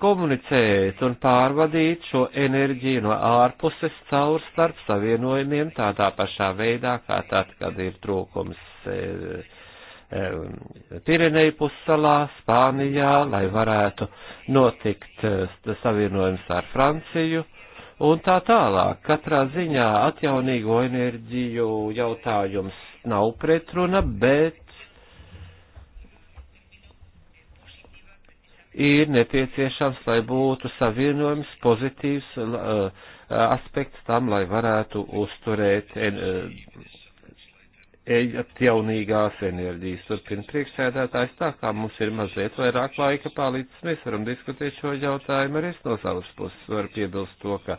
komunicēt un pārvadīt šo enerģiju no ārpuses caur starp savienojumiem tādā pašā veidā, kā tad, kad ir trūkums e, e, Pireneju pussalā, Spānijā, lai varētu notikt e, savienojums ar Franciju un tā tālāk. Katrā ziņā atjaunīgo enerģiju jautājums nav pretruna, bet ir nepieciešams, lai būtu savienojums pozitīvs eh, aspekts tam, lai varētu uzturēt eh, atjaunīgās enerģijas. Turpin priekšsēdētājs, tā kā mums ir mazliet vairāk laika palicis, mēs varam diskutēt šo jautājumu arī no savas puses. Varu piebilst to, ka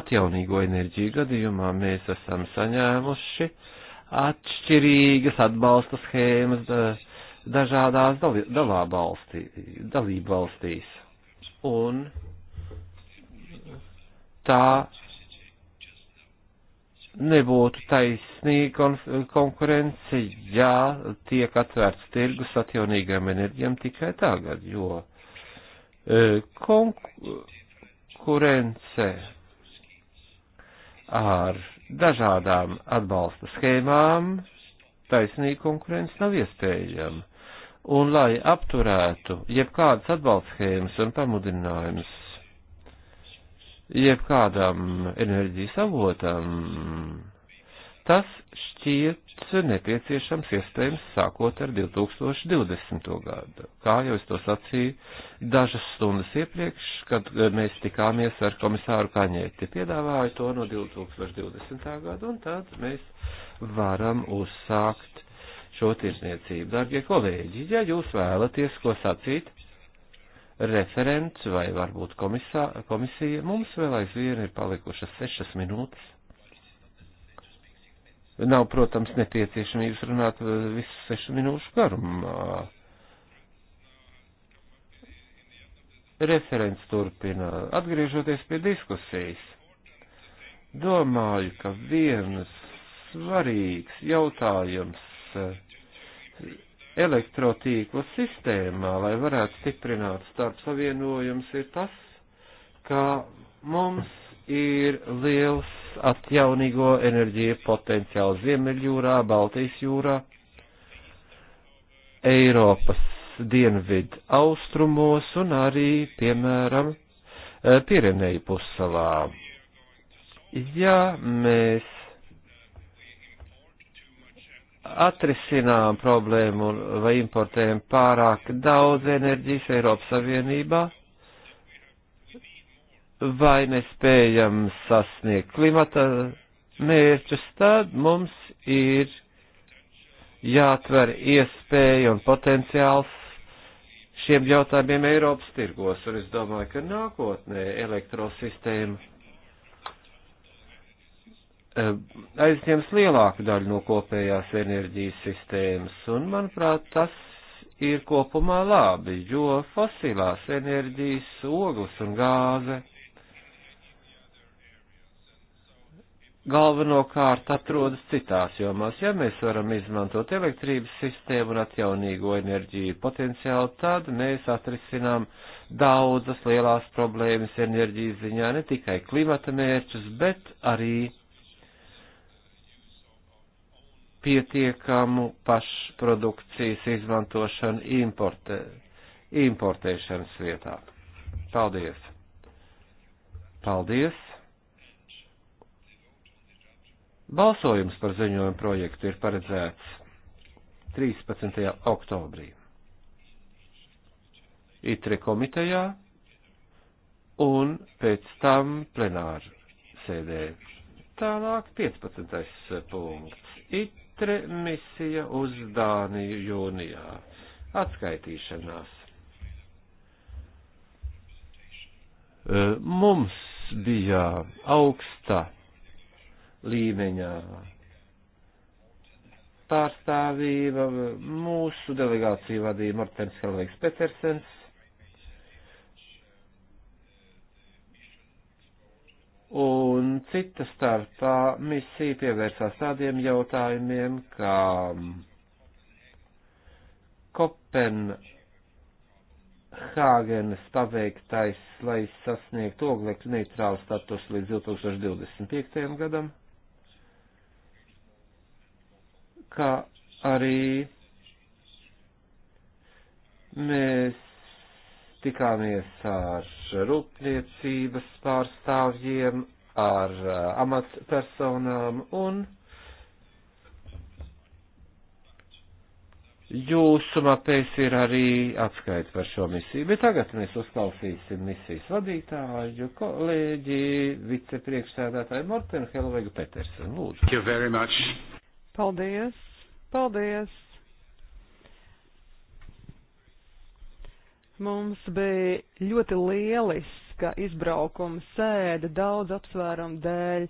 atjaunīgo enerģiju gadījumā mēs esam saņēmuši atšķirīgas atbalsta schēmas dažādās dalībvalstī, dalībvalstīs. Un tā nebūtu taisnīga konkurence, ja tiek atvērts tirgus atjaunīgām enerģijām tikai tagad, jo e, konkurence ar dažādām atbalsta schēmām taisnīga konkurence nav iespējama. Un, lai apturētu jebkādas atbalsta schēmas un pamudinājumus jebkādam enerģijas avotam, tas šķiet nepieciešams iespējams sākot ar 2020. gadu. Kā jau es to sacīju dažas stundas iepriekš, kad mēs tikāmies ar komisāru Kaņēti, piedāvāju to no 2020. gada, un tad mēs varam uzsākt šo tirsniecību. Dargie kolēģi, ja jūs vēlaties ko sacīt, referents vai varbūt komisā, komisija. Mums vēl aizvien ir palikušas sešas minūtes. Nav, protams, nepieciešamības runāt uh, visu sešu minūšu garumā. Referents turpina, atgriežoties pie diskusijas. Domāju, ka viens svarīgs jautājums uh, elektrotīkla sistēmā, lai varētu stiprināt starp savienojums, ir tas, ka mums ir liels atjaunīgo enerģiju potenciāls Ziemeļjūrā, Baltijas jūrā, Eiropas dienvidu austrumos un arī, piemēram, Pirenei pussalā. Ja mēs atrisinām problēmu vai importējam pārāk daudz enerģijas Eiropas Savienībā, vai nespējam sasniegt klimata mērķus, tad mums ir jāatver iespēja un potenciāls šiem jautājumiem Eiropas tirgos, un es domāju, ka nākotnē elektrosistēma Eh, aizņems lielāku daļu no kopējās enerģijas sistēmas, un, manuprāt, tas ir kopumā labi, jo fosilās enerģijas, ogles un gāze galvenokārt atrodas citās jomās. Ja mēs varam izmantot elektrības sistēmu un atjaunīgo enerģiju potenciālu, tad mēs atrisinām daudzas lielās problēmas enerģijas ziņā, ne tikai klimata mērķus, bet arī pietiekamu pašprodukcijas izmantošanu importē, importēšanas vietā. Paldies! Paldies! Balsojums par ziņojumu projektu ir paredzēts 13. oktobrī. Itri komitejā un pēc tam plenāru sēdē. Tālāk 15. punkts. It ITRE misija uz Dāniju jūnijā. Atskaitīšanās. E, mums bija augsta līmeņā pārstāvība, mūsu delegāciju vadīja Martens Helveigs Petersens, un cita starpā misija pievērsās tādiem jautājumiem, kā Kopenhāgenes paveiktais, lai sasniegtu oglekļu neitrālu status līdz 2025. gadam, kā arī mēs tikāmies ar rūpniecības pārstāvjiem, ar uh, amatpersonām un jūsu mapēs ir arī atskaita par šo misiju. Bet tagad mēs uzklausīsim misijas vadītāju, kolēģi, vicepriekšsēdētāju Mortenu Helvegu Petersenu. Lūdzu. Paldies! Paldies! Mums bija ļoti lieliska izbraukuma sēde daudz apsvērumu dēļ.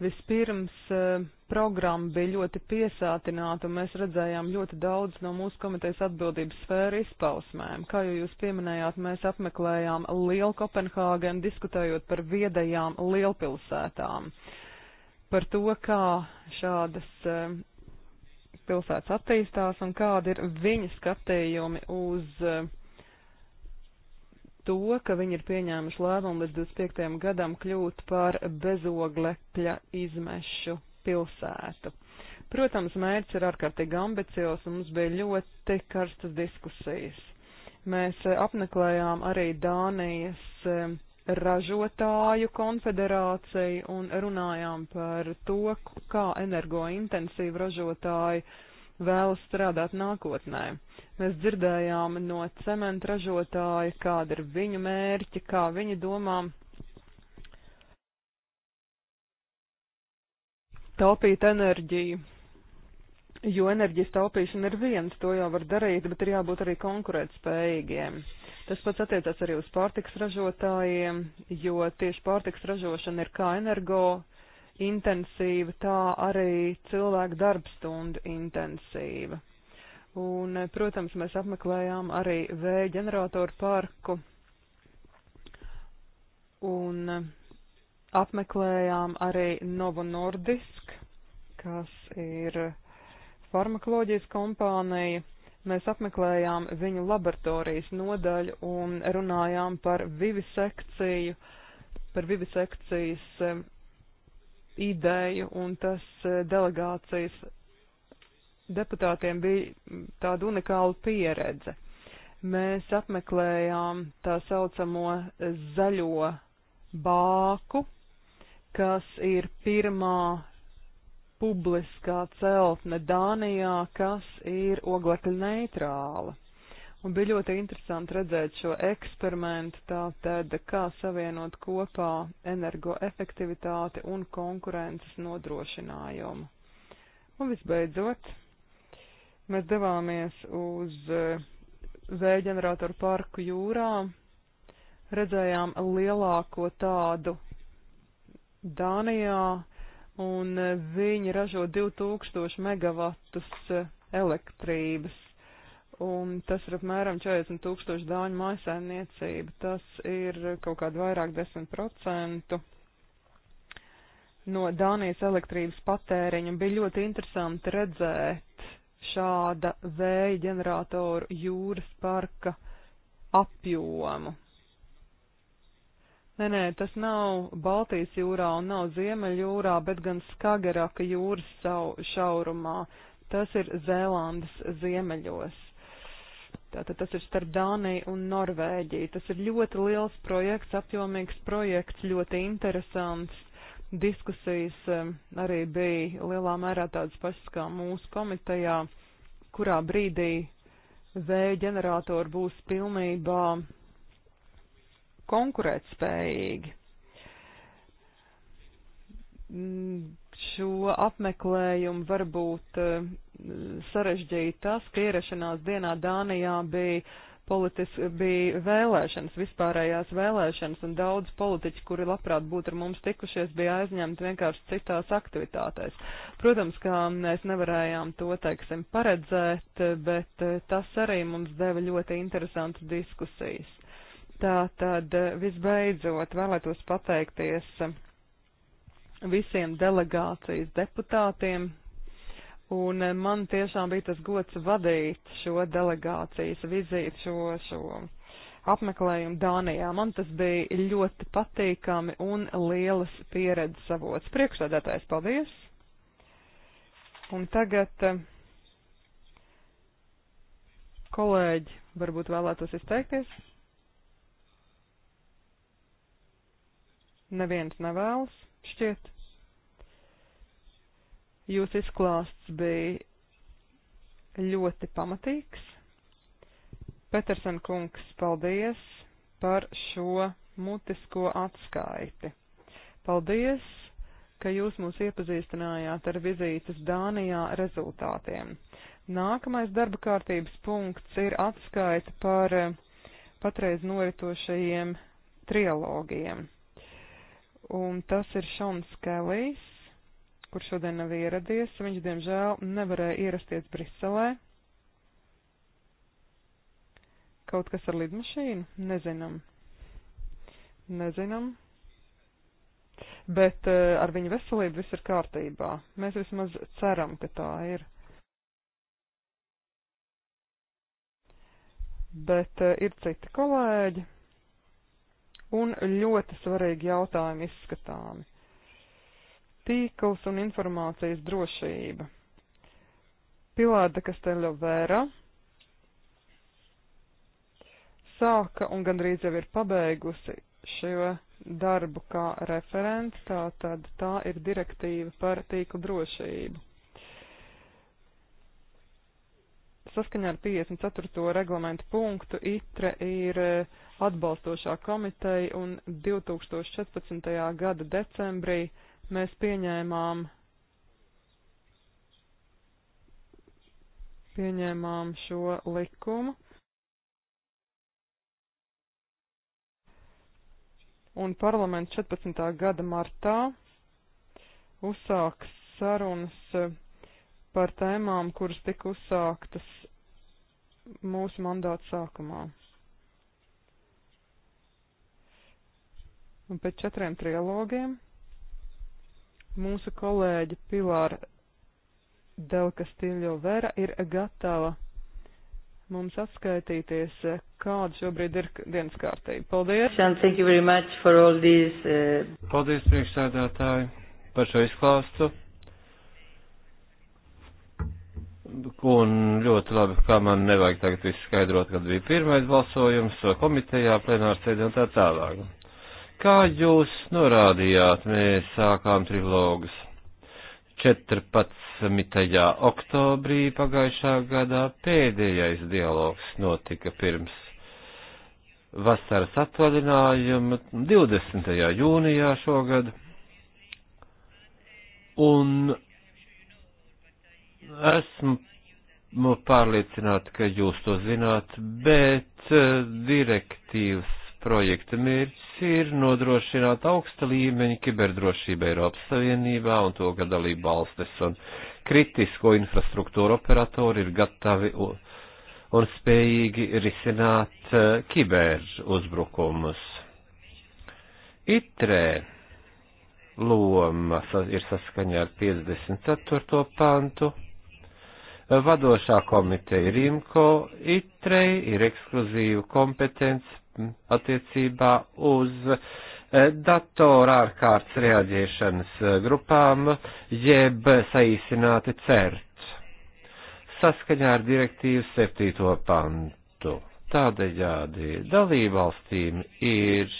Vispirms eh, programma bija ļoti piesātināta un mēs redzējām ļoti daudz no mūsu komitejas atbildības sfēru izpausmēm. Kā jau jūs pieminējāt, mēs apmeklējām Lielu Kopenhāgenu diskutējot par viedajām lielpilsētām, par to, kā šādas eh, pilsētas attīstās un kādi ir viņa skatījumi uz uh, to, ka viņi ir pieņēmuši lēmumu līdz 25. gadam kļūt par bezoglekļa izmešu pilsētu. Protams, mērķis ir ārkārtīgi ambiciozs, un mums bija ļoti karstas diskusijas. Mēs eh, apmeklējām arī Dānijas eh, ražotāju konfederāciju un runājām par to, kā energointensīvu ražotāju uh, vēlas strādāt nākotnē. Mēs dzirdējām no cementu ražotāja, kāda ir viņu mērķi, kā viņi domā taupīt enerģiju. Jo enerģijas taupīšana ir viens, to jau var darīt, bet ir jābūt arī konkurētspējīgiem. Tas pats attiecas arī uz pārtiks ražotājiem, jo tieši pārtiks ražošana ir kā energo intensīva, tā arī cilvēku darbstundu intensīva. Un, protams, mēs apmeklējām arī vēja ģeneratoru parku un apmeklējām arī Novo Nordisk, kas ir farmakoloģijas kompānija. Mēs apmeklējām viņu laboratorijas nodaļu un runājām par vivisekciju, par vivisekcijas ideju, un tas eh, delegācijas deputātiem bija tāda unikāla pieredze. Mēs apmeklējām tā saucamo zaļo bāku, kas ir pirmā publiskā celtne Dānijā, kas ir oglekļa neitrāla. Un bija ļoti interesanti redzēt šo eksperimentu, tātad kā savienot kopā energoefektivitāti un konkurences nodrošinājumu. Un visbeidzot, mēs devāmies uz eh, vējģeneratoru parku jūrā, redzējām lielāko tādu Dānijā, un eh, viņi ražo 2000 megavatus eh, elektrības un tas ir apmēram 40 tūkstoši dāņu mājasēmniecība. Tas ir kaut kāda vairāk 10% no Dānijas elektrības patēriņa. Bija ļoti interesanti redzēt šāda vēja ģeneratoru jūras parka apjomu. Nē, nē, tas nav Baltijas jūrā un nav Ziemeļjūrā, bet gan Skageraka jūras savu šaurumā. Tas ir Zēlandes ziemeļos. Tātad tas ir starp Dāniju un Norvēģiju. Tas ir ļoti liels projekts, apjomīgs projekts, ļoti interesants. Diskusijas eh, arī bija lielā mērā tādas pašas kā mūsu komitejā, kurā brīdī vēja ģeneratori būs pilnībā konkurētspējīgi. Mm, šo apmeklējumu varbūt eh, sarežģīja tas, ka ierašanās dienā Dānijā bija politiski bija vēlēšanas, vispārējās vēlēšanas, un daudz politiķi, kuri labprāt būtu ar mums tikušies, bija aizņemti vienkārši citās aktivitātēs. Protams, kā mēs nevarējām to, teiksim, paredzēt, bet eh, tas arī mums deva ļoti interesantas diskusijas. Tā tad eh, visbeidzot vēlētos pateikties eh, visiem delegācijas deputātiem, Un eh, man tiešām bija tas gods vadīt šo delegācijas vizīti, šo, šo apmeklējumu Dānijā. Man tas bija ļoti patīkami un lielas pieredzes avots. Priekšsēdētājs, paldies! Un tagad eh, kolēģi varbūt vēlētos izteikties. Neviens nevēlas, šķiet. Jūs izklāsts bija ļoti pamatīgs. Petersen kungs, paldies par šo mutisko atskaiti. Paldies, ka jūs mūs iepazīstinājāt ar vizītes Dānijā rezultātiem. Nākamais darba kārtības punkts ir atskaita par patreiz noritošajiem trialogiem. Un tas ir Šons Kelijs, kur šodien nav ieradies. Viņš, diemžēl, nevarēja ierasties Briselē. Kaut kas ar lidmašīnu? Nezinām. Nezinām. Bet uh, ar viņu veselību viss ir kārtībā. Mēs vismaz ceram, ka tā ir. Bet uh, ir citi kolēģi. Un ļoti svarīgi jautājumi izskatāmi tīkls un informācijas drošība. Pilāda Kasteļo Vēra sāka un gandrīz jau ir pabeigusi šo darbu kā referents, tā tad tā ir direktīva par tīklu drošību. Saskaņā ar 54. reglamentu punktu ITRE ir eh, atbalstošā komiteja un 2014. gada decembrī mēs pieņēmām, pieņēmām šo likumu. Un parlaments 14. gada martā uzsāks sarunas par tēmām, kuras tika uzsāktas mūsu mandāta sākumā. Un pēc četriem trilogiem Mūsu kolēģi Pilāra Delkastīļo Vera ir gatava mums atskaitīties, kāda šobrīd ir dienas kārtība. Paldies! These, uh... Paldies, priekšsēdētāji, par šo izklāstu. Un ļoti labi, kā man nevajag tagad visu skaidrot, kad bija pirmais balsojums komitejā, plenārsēdē un tā tālāk. Kā jūs norādījāt, mēs sākām trilogus 14. oktobrī pagājušā gadā. Pēdējais dialogs notika pirms vasaras atvaļinājuma 20. jūnijā šogad. Un esmu pārliecināta, ka jūs to zināt, bet eh, direktīvas Projekta mērķis ir nodrošināt augsta līmeņa kiberdrošību Eiropas Savienībā un to, ka dalība valstis un kritisko infrastruktūru operatori ir gatavi un spējīgi risināt e, kiber uzbrukumus. ITRE loma ir saskaņā ar 54. pantu. Vadošā komiteja Rimko ITRE ir ekskluzīva kompetence Mm. attiecībā uz e, datora ārkārtas reaģēšanas e, grupām, jeb saīsināti CERT, saskaņā ar direktīvu 7. pantu. Tādējādi dalībvalstīm ir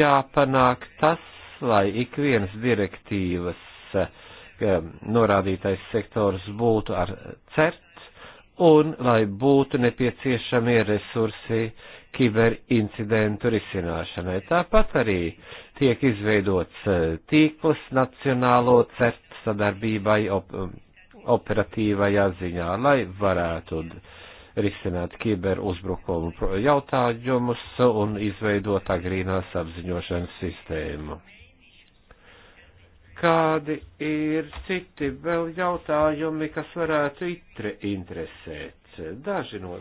jāpanāk tas, lai ik vienas direktīvas e, norādītais sektors būtu ar CERT un lai būtu nepieciešamie resursi uh, kiberincidentu risināšanai. Tāpat arī tiek izveidots eh, tīkls nacionālo CERT sadarbībai op um, operatīvajā ziņā, lai varētu risināt kiberuzbrukumu jautājumus un izveidot agrīnās apziņošanas sistēmu. Kādi ir citi vēl jautājumi, kas varētu itre interesēt? Daži no,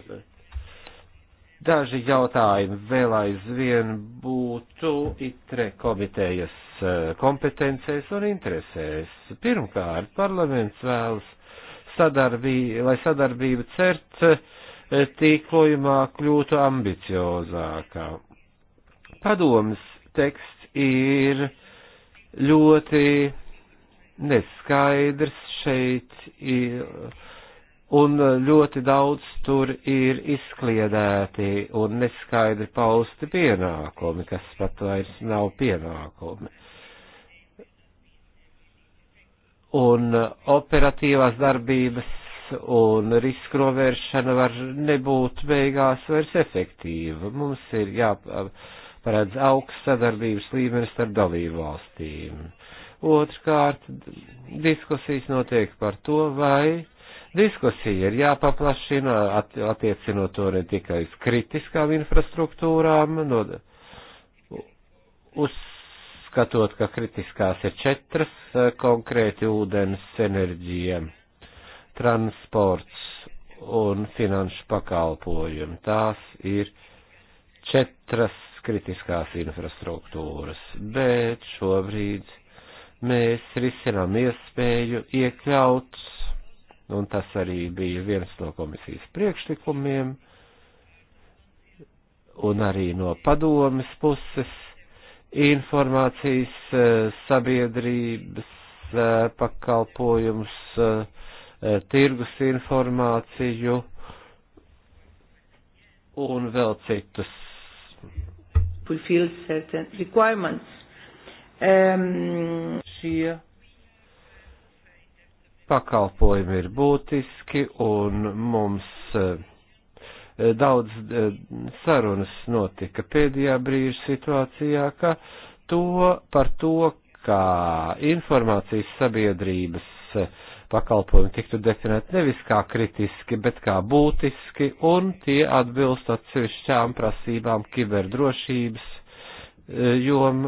Daži jautājumi vēl aizvien būtu itre komitejas e, kompetencēs un interesēs. Pirmkārt, parlaments vēlas, sadarbī, lai sadarbība cert e, tīklojumā kļūtu ambiciozākā. Padomas teksts ir ļoti neskaidrs šeit. Ir, un eh, ļoti daudz tur ir izkliedēti un neskaidri pausti pienākumi, kas pat vairs nav pienākumi. Un eh, operatīvās darbības un risku novēršana var nebūt beigās vairs efektīva. Mums ir jāparedz augsts sadarbības līmenis starp dalību valstīm. Otrkārt, diskusijas notiek par to, vai Diskusija ir jāpaplašina, at, attiecinot to ne tikai uz kritiskām infrastruktūrām, no, uzskatot, ka kritiskās ir četras e, konkrēti ūdens enerģija, transports un finanšu pakalpojumi. Tās ir četras kritiskās infrastruktūras, bet šobrīd mēs risinām iespēju iekļaut un tas arī bija viens no komisijas priekšlikumiem, un arī no padomes puses informācijas eh, sabiedrības eh, pakalpojums, eh, tirgus informāciju un vēl citus. Fulfill certain requirements. Um, šie pakalpojumi ir būtiski un mums eh, daudz eh, sarunas notika pēdējā brīža situācijā, ka to par to, kā informācijas sabiedrības eh, pakalpojumi tiktu definēti nevis kā kritiski, bet kā būtiski, un tie atbilst atsevišķām prasībām kiberdrošības jom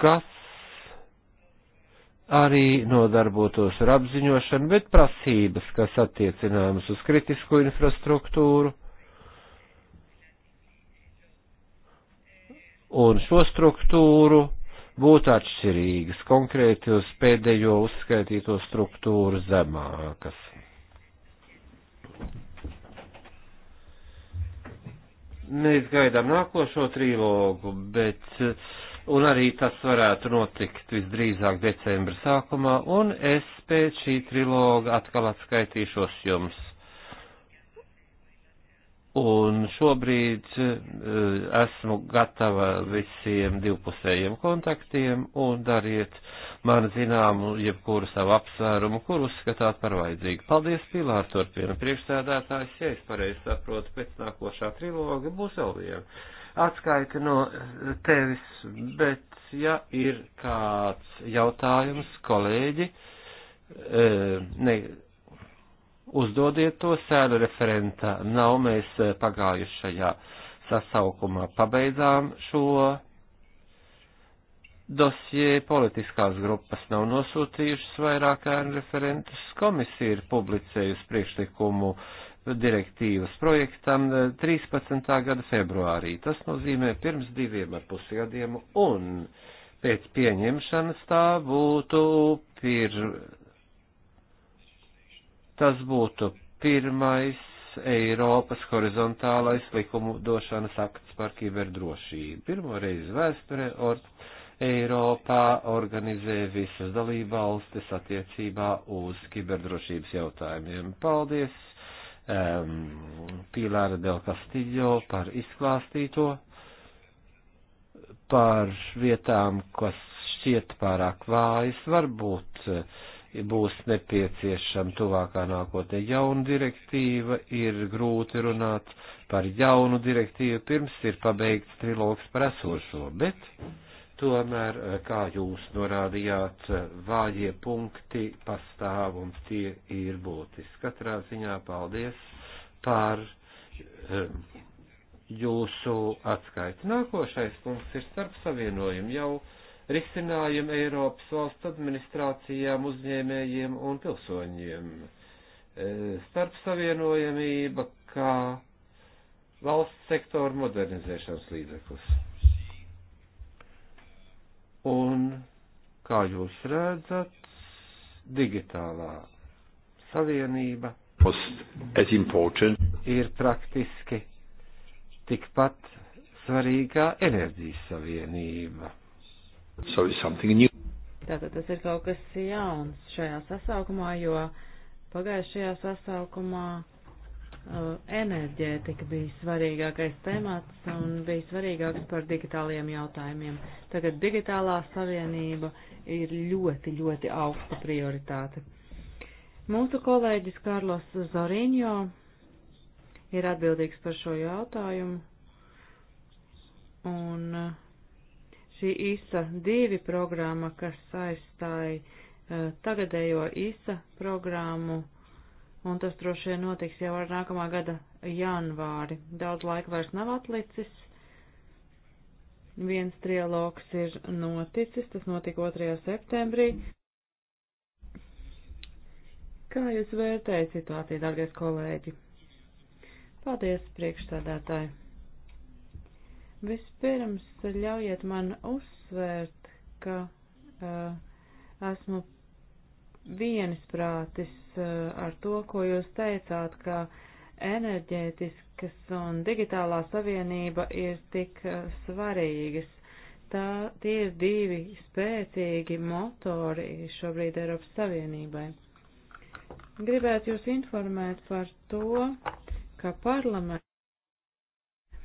kas arī nodarbotos ar apziņošanu, bet prasības, kas attiecināmas uz kritisko infrastruktūru. Un šo struktūru būtu atšķirīgas, konkrēti uz pēdējo uzskaitīto struktūru zemākas. Mēs gaidām nākošo trilogu, bet uh, un arī tas varētu notikt visdrīzāk decembra sākumā, un es pēc šī triloga atkal atskaitīšos jums. Un šobrīd eh, esmu gatava visiem divpusējiem kontaktiem un dariet man zināmu jebkuru savu apsvērumu, kur uzskatāt par vajadzīgu. Paldies, Pilār, turpina priekšsēdētājs, ja es pareizi saprotu, pēc nākošā triloga būs vēl viena atskaiti no tevis, bet ja ir kāds jautājums, kolēģi, e, ne, uzdodiet to sēdu referenta. Nav mēs pagājušajā sasaukumā pabeidzām šo dosie politiskās grupas nav nosūtījušas vairāk ēnu referentus. Komisija ir publicējusi priekšlikumu direktīvas projektam 13. Eh, gada februārī. Tas nozīmē pirms diviem ar pusgadiem, un pēc pieņemšanas tā būtu pir... tas būtu pirmais Eiropas horizontālais likumu došanas akts par kiberdrošību. Pirmo reizi vēsturē or... Eiropā organizē visas dalībvalstis attiecībā uz kiberdrošības jautājumiem. Paldies! um, Pīlāra Del Castillo par izklāstīto, par vietām, kas šķiet pārāk vājas, varbūt eh, būs nepieciešama tuvākā nākotnē jauna direktīva, ir grūti runāt par jaunu direktīvu, pirms ir pabeigts trilogs par esošo, bet Tomēr, eh, kā jūs norādījāt, eh, vājie punkti pastāv un tie ir būtiski. Katrā ziņā paldies par eh, jūsu atskaiti. Nākošais punkts ir starp savienojumu jau risinājumu Eiropas valsts administrācijām, uzņēmējiem un pilsoņiem. Starp savienojamība kā valsts sektora modernizēšanas līdzeklis. Un, kā jūs redzat, digitālā savienība ir praktiski tikpat svarīgā enerģijas savienība. So Tātad tas ir kaut kas jauns šajā sasaukumā, jo pagājušajā sasaukumā Eh, enerģētika bija svarīgākais temats un bija svarīgāks par digitāliem jautājumiem. Tagad digitālā savienība ir ļoti, ļoti augsta prioritāte. Mūsu kolēģis Kārlos Zoriņo ir atbildīgs par šo jautājumu. Un eh, šī ISA 2 programma, kas aizstāja eh, tagadējo ISA programmu, un tas droši vien notiks jau ar nākamā gada janvāri. Daudz laika vairs nav atlicis. Viens trialogs ir noticis, tas notika 2. septembrī. Kā jūs vērtējat situāciju, dārgais kolēģi? Paldies, priekšstādātāji! Vispirms ļaujiet man uzsvērt, ka uh, esmu viensprātis eh, ar to, ko jūs teicāt, ka enerģētiskas un digitālā savienība ir tik eh, svarīgas. Tā, tie ir divi spēcīgi motori šobrīd Eiropas Savienībai. Gribētu jūs informēt par to, ka parlaments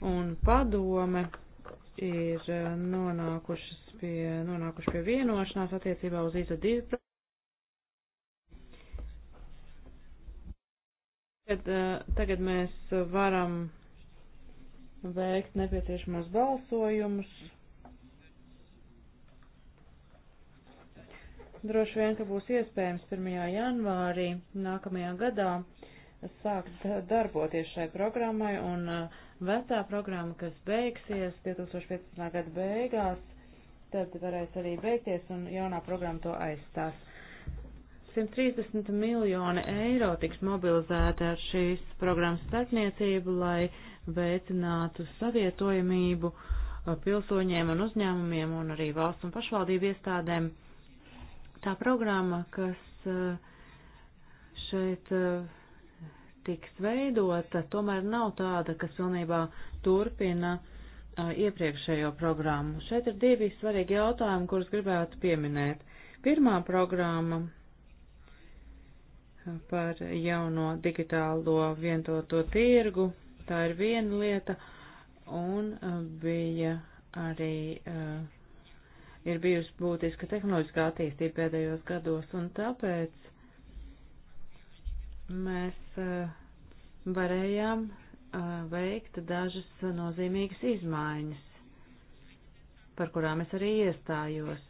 un padome ir eh, nonākušas pie, nonākuši pie vienošanās attiecībā uz ISA 2 Tagad, eh, tagad mēs varam veikt nepieciešamos balsojumus. Droši vien, ka būs iespējams 1. janvārī nākamajā gadā sākt darboties šai programmai un eh, vecā programma, kas beigsies 2015. gada beigās, tad varēs arī beigties un jaunā programma to aizstās. 130 miljoni eiro tiks mobilizēti ar šīs programmas starpniecību, lai veicinātu savietojamību uh, pilsoņiem un uzņēmumiem un arī valsts un pašvaldību iestādēm. Tā programma, kas uh, šeit uh, tiks veidota, tomēr nav tāda, kas pilnībā turpina iepriekšējo programmu. Šeit ir divi svarīgi jautājumi, kurus gribētu pieminēt. Pirmā programma par jauno digitālo vientoto tirgu. Tā ir viena lieta, un uh, bija arī uh, ir bijusi būtiska tehnoloģiskā attīstība pēdējos gados, un tāpēc mēs uh, varējām uh, veikt dažas nozīmīgas izmaiņas, par kurām es arī iestājos.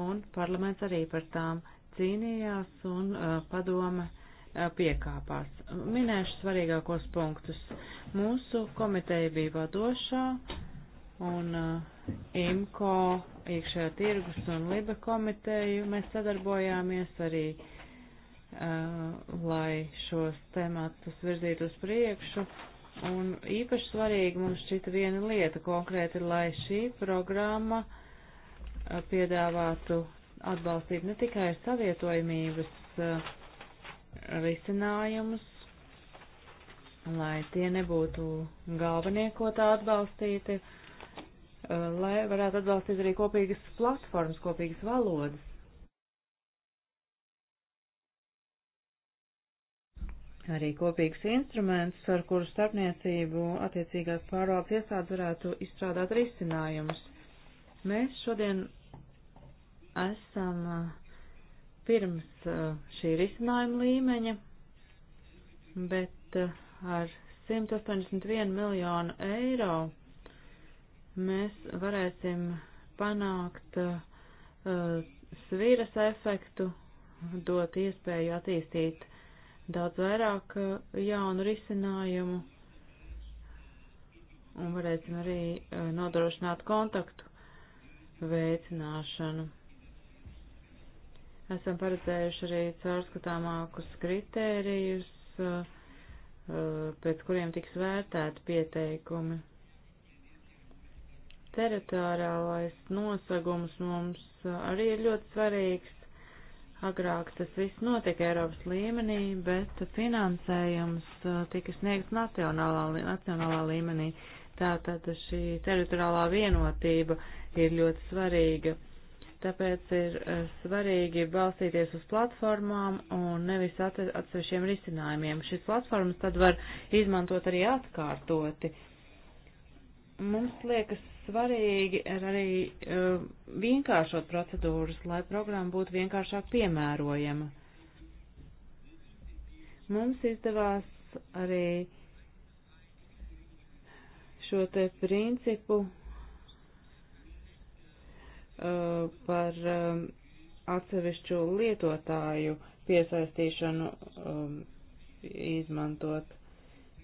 Un parlaments arī par tām uh, cīnījās un uh, padome uh, piekāpās. Minēšu svarīgākos punktus. Mūsu komiteja bija vadošā un uh, IMCO iekšējā tirgus un LIBE komiteju mēs sadarbojāmies arī, lai šos tematus virzītu uz priekšu. Un īpaši svarīgi mums šķita viena lieta konkrēti, lai šī programma piedāvātu atbalstīt ne tikai savietojamības uh, risinājumus, lai tie nebūtu galvenie, ko tā atbalstīti, uh, lai varētu atbalstīt arī kopīgas platformas, kopīgas valodas. Arī kopīgs instruments, ar kuru starpniecību attiecīgās pārvaldes iestādes varētu izstrādāt risinājumus. Mēs šodien esam pirms šī risinājuma līmeņa, bet ar 181 miljonu eiro mēs varēsim panākt sviras efektu, dot iespēju attīstīt daudz vairāk jaunu risinājumu un varēsim arī nodrošināt kontaktu veicināšanu. Esam paredzējuši arī caurskatāmākus kritērijus, eh, pēc kuriem tiks vērtēti pieteikumi. Teritoriālais nosagums mums arī ir ļoti svarīgs. Agrāk tas viss notika Eiropas līmenī, bet finansējums eh, tika sniegts nacionālā, nacionālā līmenī. Tātad šī teritoriālā vienotība ir ļoti svarīga. Tāpēc ir eh, svarīgi balstīties uz platformām un nevis atsevišķiem risinājumiem. Šis platformas tad var izmantot arī atkārtoti. Mums liekas svarīgi arī uh, vienkāršot procedūras, lai programma būtu vienkāršāk piemērojama. Mums izdevās arī šo te principu Uh, par um, atsevišķu lietotāju piesaistīšanu um, izmantot.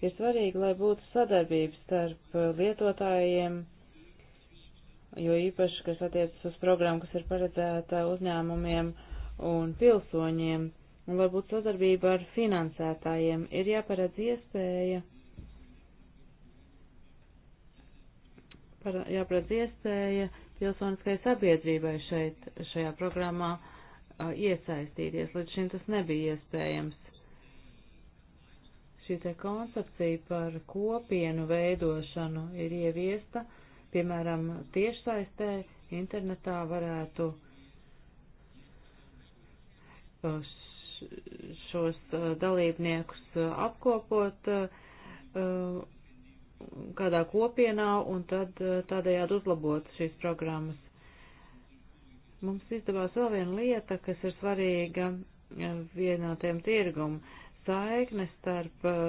Ir svarīgi, lai būtu sadarbības starp uh, lietotājiem, jo īpaši, kas attiecas uz programmu, kas ir paredzēta uzņēmumiem un pilsoņiem, un lai būtu sadarbība ar finansētājiem, ir jāparedz iespēja, par, jāparedz iespēja pilsoniskai sabiedrībai šeit, šajā programmā iesaistīties. Līdz šim tas nebija iespējams. Šī te koncepcija par kopienu veidošanu ir ieviesta, piemēram, tiešsaistē, internetā varētu šos dalībniekus apkopot kādā kopienā un tad eh, tādējādi uzlabot šīs programmas. Mums izdevās vēl viena lieta, kas ir svarīga eh, vienotiem tirgumu saikne starp eh,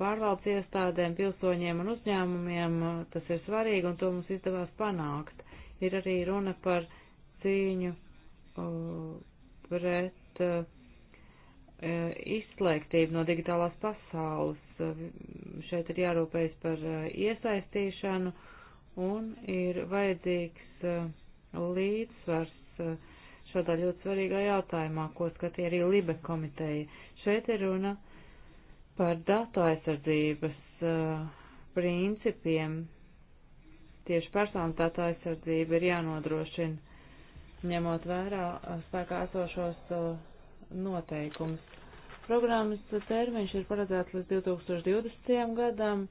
pārvaldes iestādēm, pilsoņiem un uzņēmumiem. Tas ir svarīgi un to mums izdevās panākt. Ir arī runa par cīņu pret E, izslēgtību no digitālās pasaules. E, šeit ir jārūpējas par e, iesaistīšanu un ir vajadzīgs līdzsvars šādā ļoti svarīgā jautājumā, ko skatīja arī Libe komiteja. Šeit ir runa par datu aizsardzības principiem. Tieši personu datu aizsardzība ir jānodrošina, ņemot vērā spēkā esošos noteikumus. Programmas termiņš ir paredzēts līdz 2020. gadam,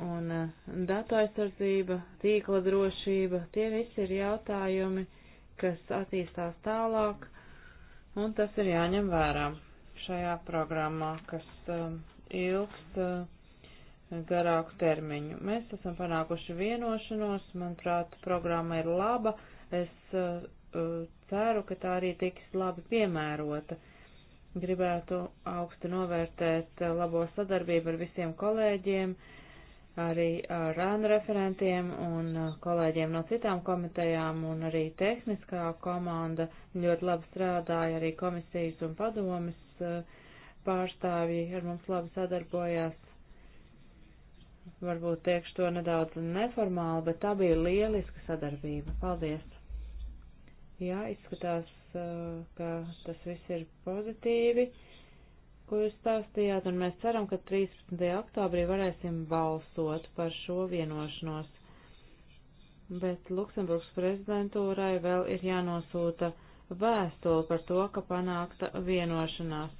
un eh, datu aizsardzība, tīkla drošība, tie visi ir jautājumi, kas attīstās tālāk, un tas ir jāņem vērā šajā programmā, kas um, ilgst uh, garāku termiņu. Mēs esam panākuši vienošanos, manuprāt, programma ir laba. Es uh, Eh, ceru, ka tā arī tiks labi piemērota. Gribētu augstu novērtēt eh, labo sadarbību ar visiem kolēģiem, arī ar RAN referentiem un eh, kolēģiem no citām komitejām, un arī tehniskā komanda ļoti labi strādāja, arī komisijas un padomas pārstāvji ar mums labi sadarbojās varbūt teikšu to nedaudz neformāli, bet tā bija lieliska sadarbība. Paldies! Jā, izskatās, ka tas viss ir pozitīvi, ko jūs stāstījāt, un mēs ceram, ka 13. oktobrī varēsim balsot par šo vienošanos. Bet Luksemburgas prezidentūrai vēl ir jānosūta vēstuli par to, ka panākta vienošanās,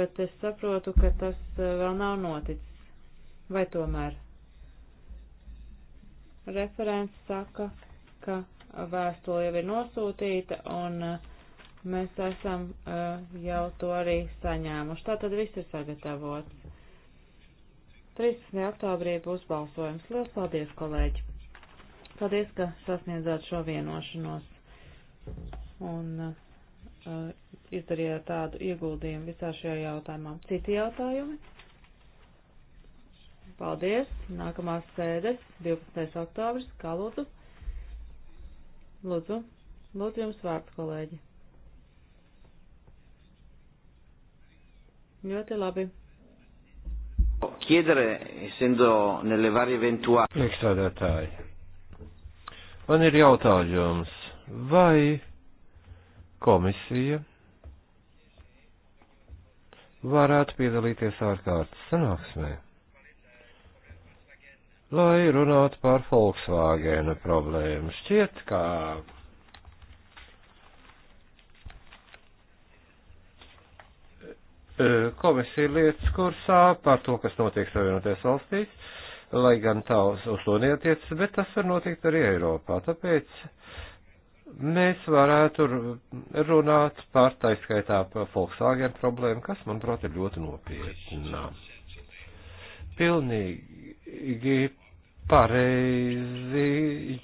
bet es saprotu, ka tas vēl nav noticis. Vai tomēr? Referents saka, ka vēstule jau ir nosūtīta un uh, mēs esam uh, jau to arī saņēmuši. Tātad viss ir sagatavots. 13. oktobrī būs balsojums. Lielas paldies, kolēģi! Paldies, ka sasniedzāt šo vienošanos un uh, izdarījāt tādu ieguldījumu visā šajā jautājumā. Citi jautājumi? Paldies! Nākamās sēdes 12. oktobris, kā lūdzu! Lūdzu, lūdzu jums vārds, kolēģi. Ļoti labi. Chiedere, essendo nelle varie eventuali. Priekšsādātāji, man ir jautājums, vai komisija varētu piedalīties ārkārtas sanāksmē? lai runātu par Volkswagena problēmu. Šķiet, ka komisija lietas kursā par to, kas notiek Savienotajās valstīs, lai gan tā uz to netiec, bet tas var notikt arī Eiropā. Tāpēc mēs varētu runāt par taiskaitā par Volkswagen problēmu, kas, manuprāt, ir ļoti nopietna. Pilnīgi pilnīgi pareizi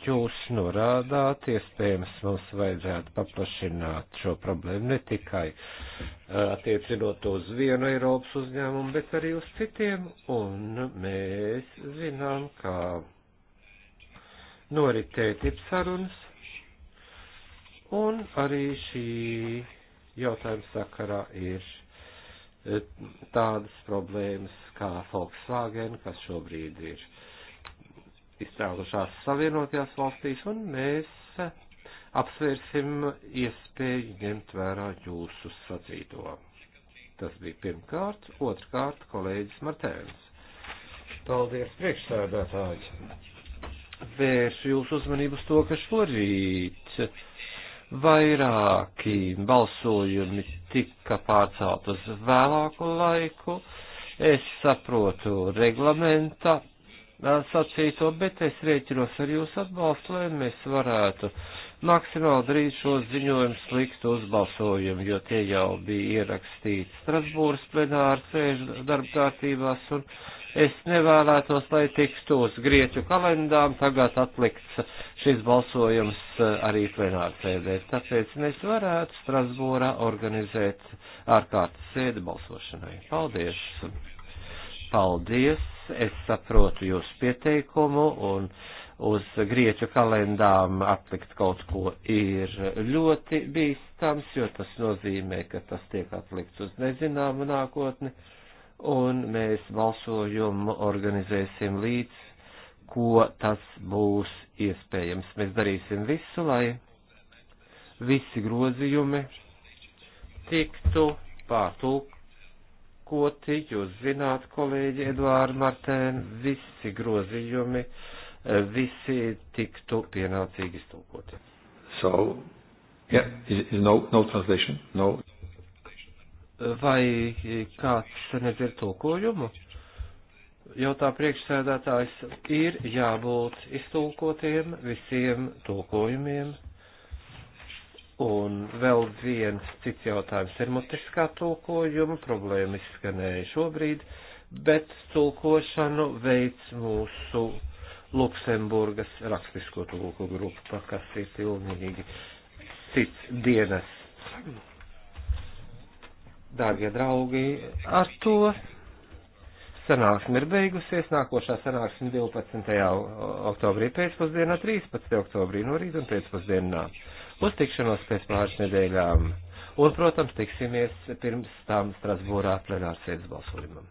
jūs norādāt, iespējams mums vajadzētu paplašināt šo problēmu ne tikai eh, attiecinot uz vienu Eiropas uzņēmumu, bet arī uz citiem, un mēs zinām, kā noritēja tipsarunas, un arī šī jautājuma sakarā ir Eh, tādas problēmas kā Volkswagen, kas šobrīd ir izcēlušās Savienotajās valstīs, un mēs eh, apsvērsim iespēju ņemt vērā jūsu sacīto. Tas bija pirmkārt, otrkārt kolēģis Martēns. Paldies, priekšsēdētāji! Vēršu jūsu uzmanību uz to, ka šorīt vairāki balsojumi tika pārcelt uz vēlāku laiku. Es saprotu reglamenta sacīto, bet es rēķinos ar jūsu atbalstu, lai mēs varētu maksimāli drīz šos ziņojumus likt uz balsojumu, jo tie jau bija ierakstīti Strasbūras plenāra sēžu darbkārtībās, un es nevēlētos, lai tiktu uz grieķu kalendām tagad atlikts šis balsojums eh, arī plenārsēdē. Tāpēc mēs varētu Strasbūrā organizēt ārkārtas sēdi balsošanai. Paldies! Paldies! Es saprotu jūsu pieteikumu un uz grieķu kalendām aplikt kaut ko ir ļoti bīstams, jo tas nozīmē, ka tas tiek aplikts uz nezināmu nākotni, un mēs balsojumu organizēsim līdz, ko tas būs iespējams. Mēs darīsim visu, lai visi grozījumi tiktu pārtulkoti. Jūs zināt, kolēģi Eduāra Martēna, visi grozījumi, eh, visi tiktu pienācīgi iztulkoti. So, yeah, is, is no, no translation, no. Vai kāds nedzird tulkojumu? jautā priekšsēdētājs, ir jābūt iztulkotiem visiem tulkojumiem. Un vēl viens cits jautājums ir mutiskā tulkojuma, problēma izskanēja šobrīd, bet tulkošanu veids mūsu Luksemburgas rakstisko tulku grupa, kas ir pilnīgi cits dienas. Dārgie draugi, ar to sanāksme ir beigusies, nākošā sanāksme 12. oktobrī pēcpusdienā, 13. oktobrī no rīta un pēcpusdienā. Uz tikšanos pēc pāris nedēļām. Un, protams, tiksimies pirms tam Strasbūrā plenārsēdes balsojumam.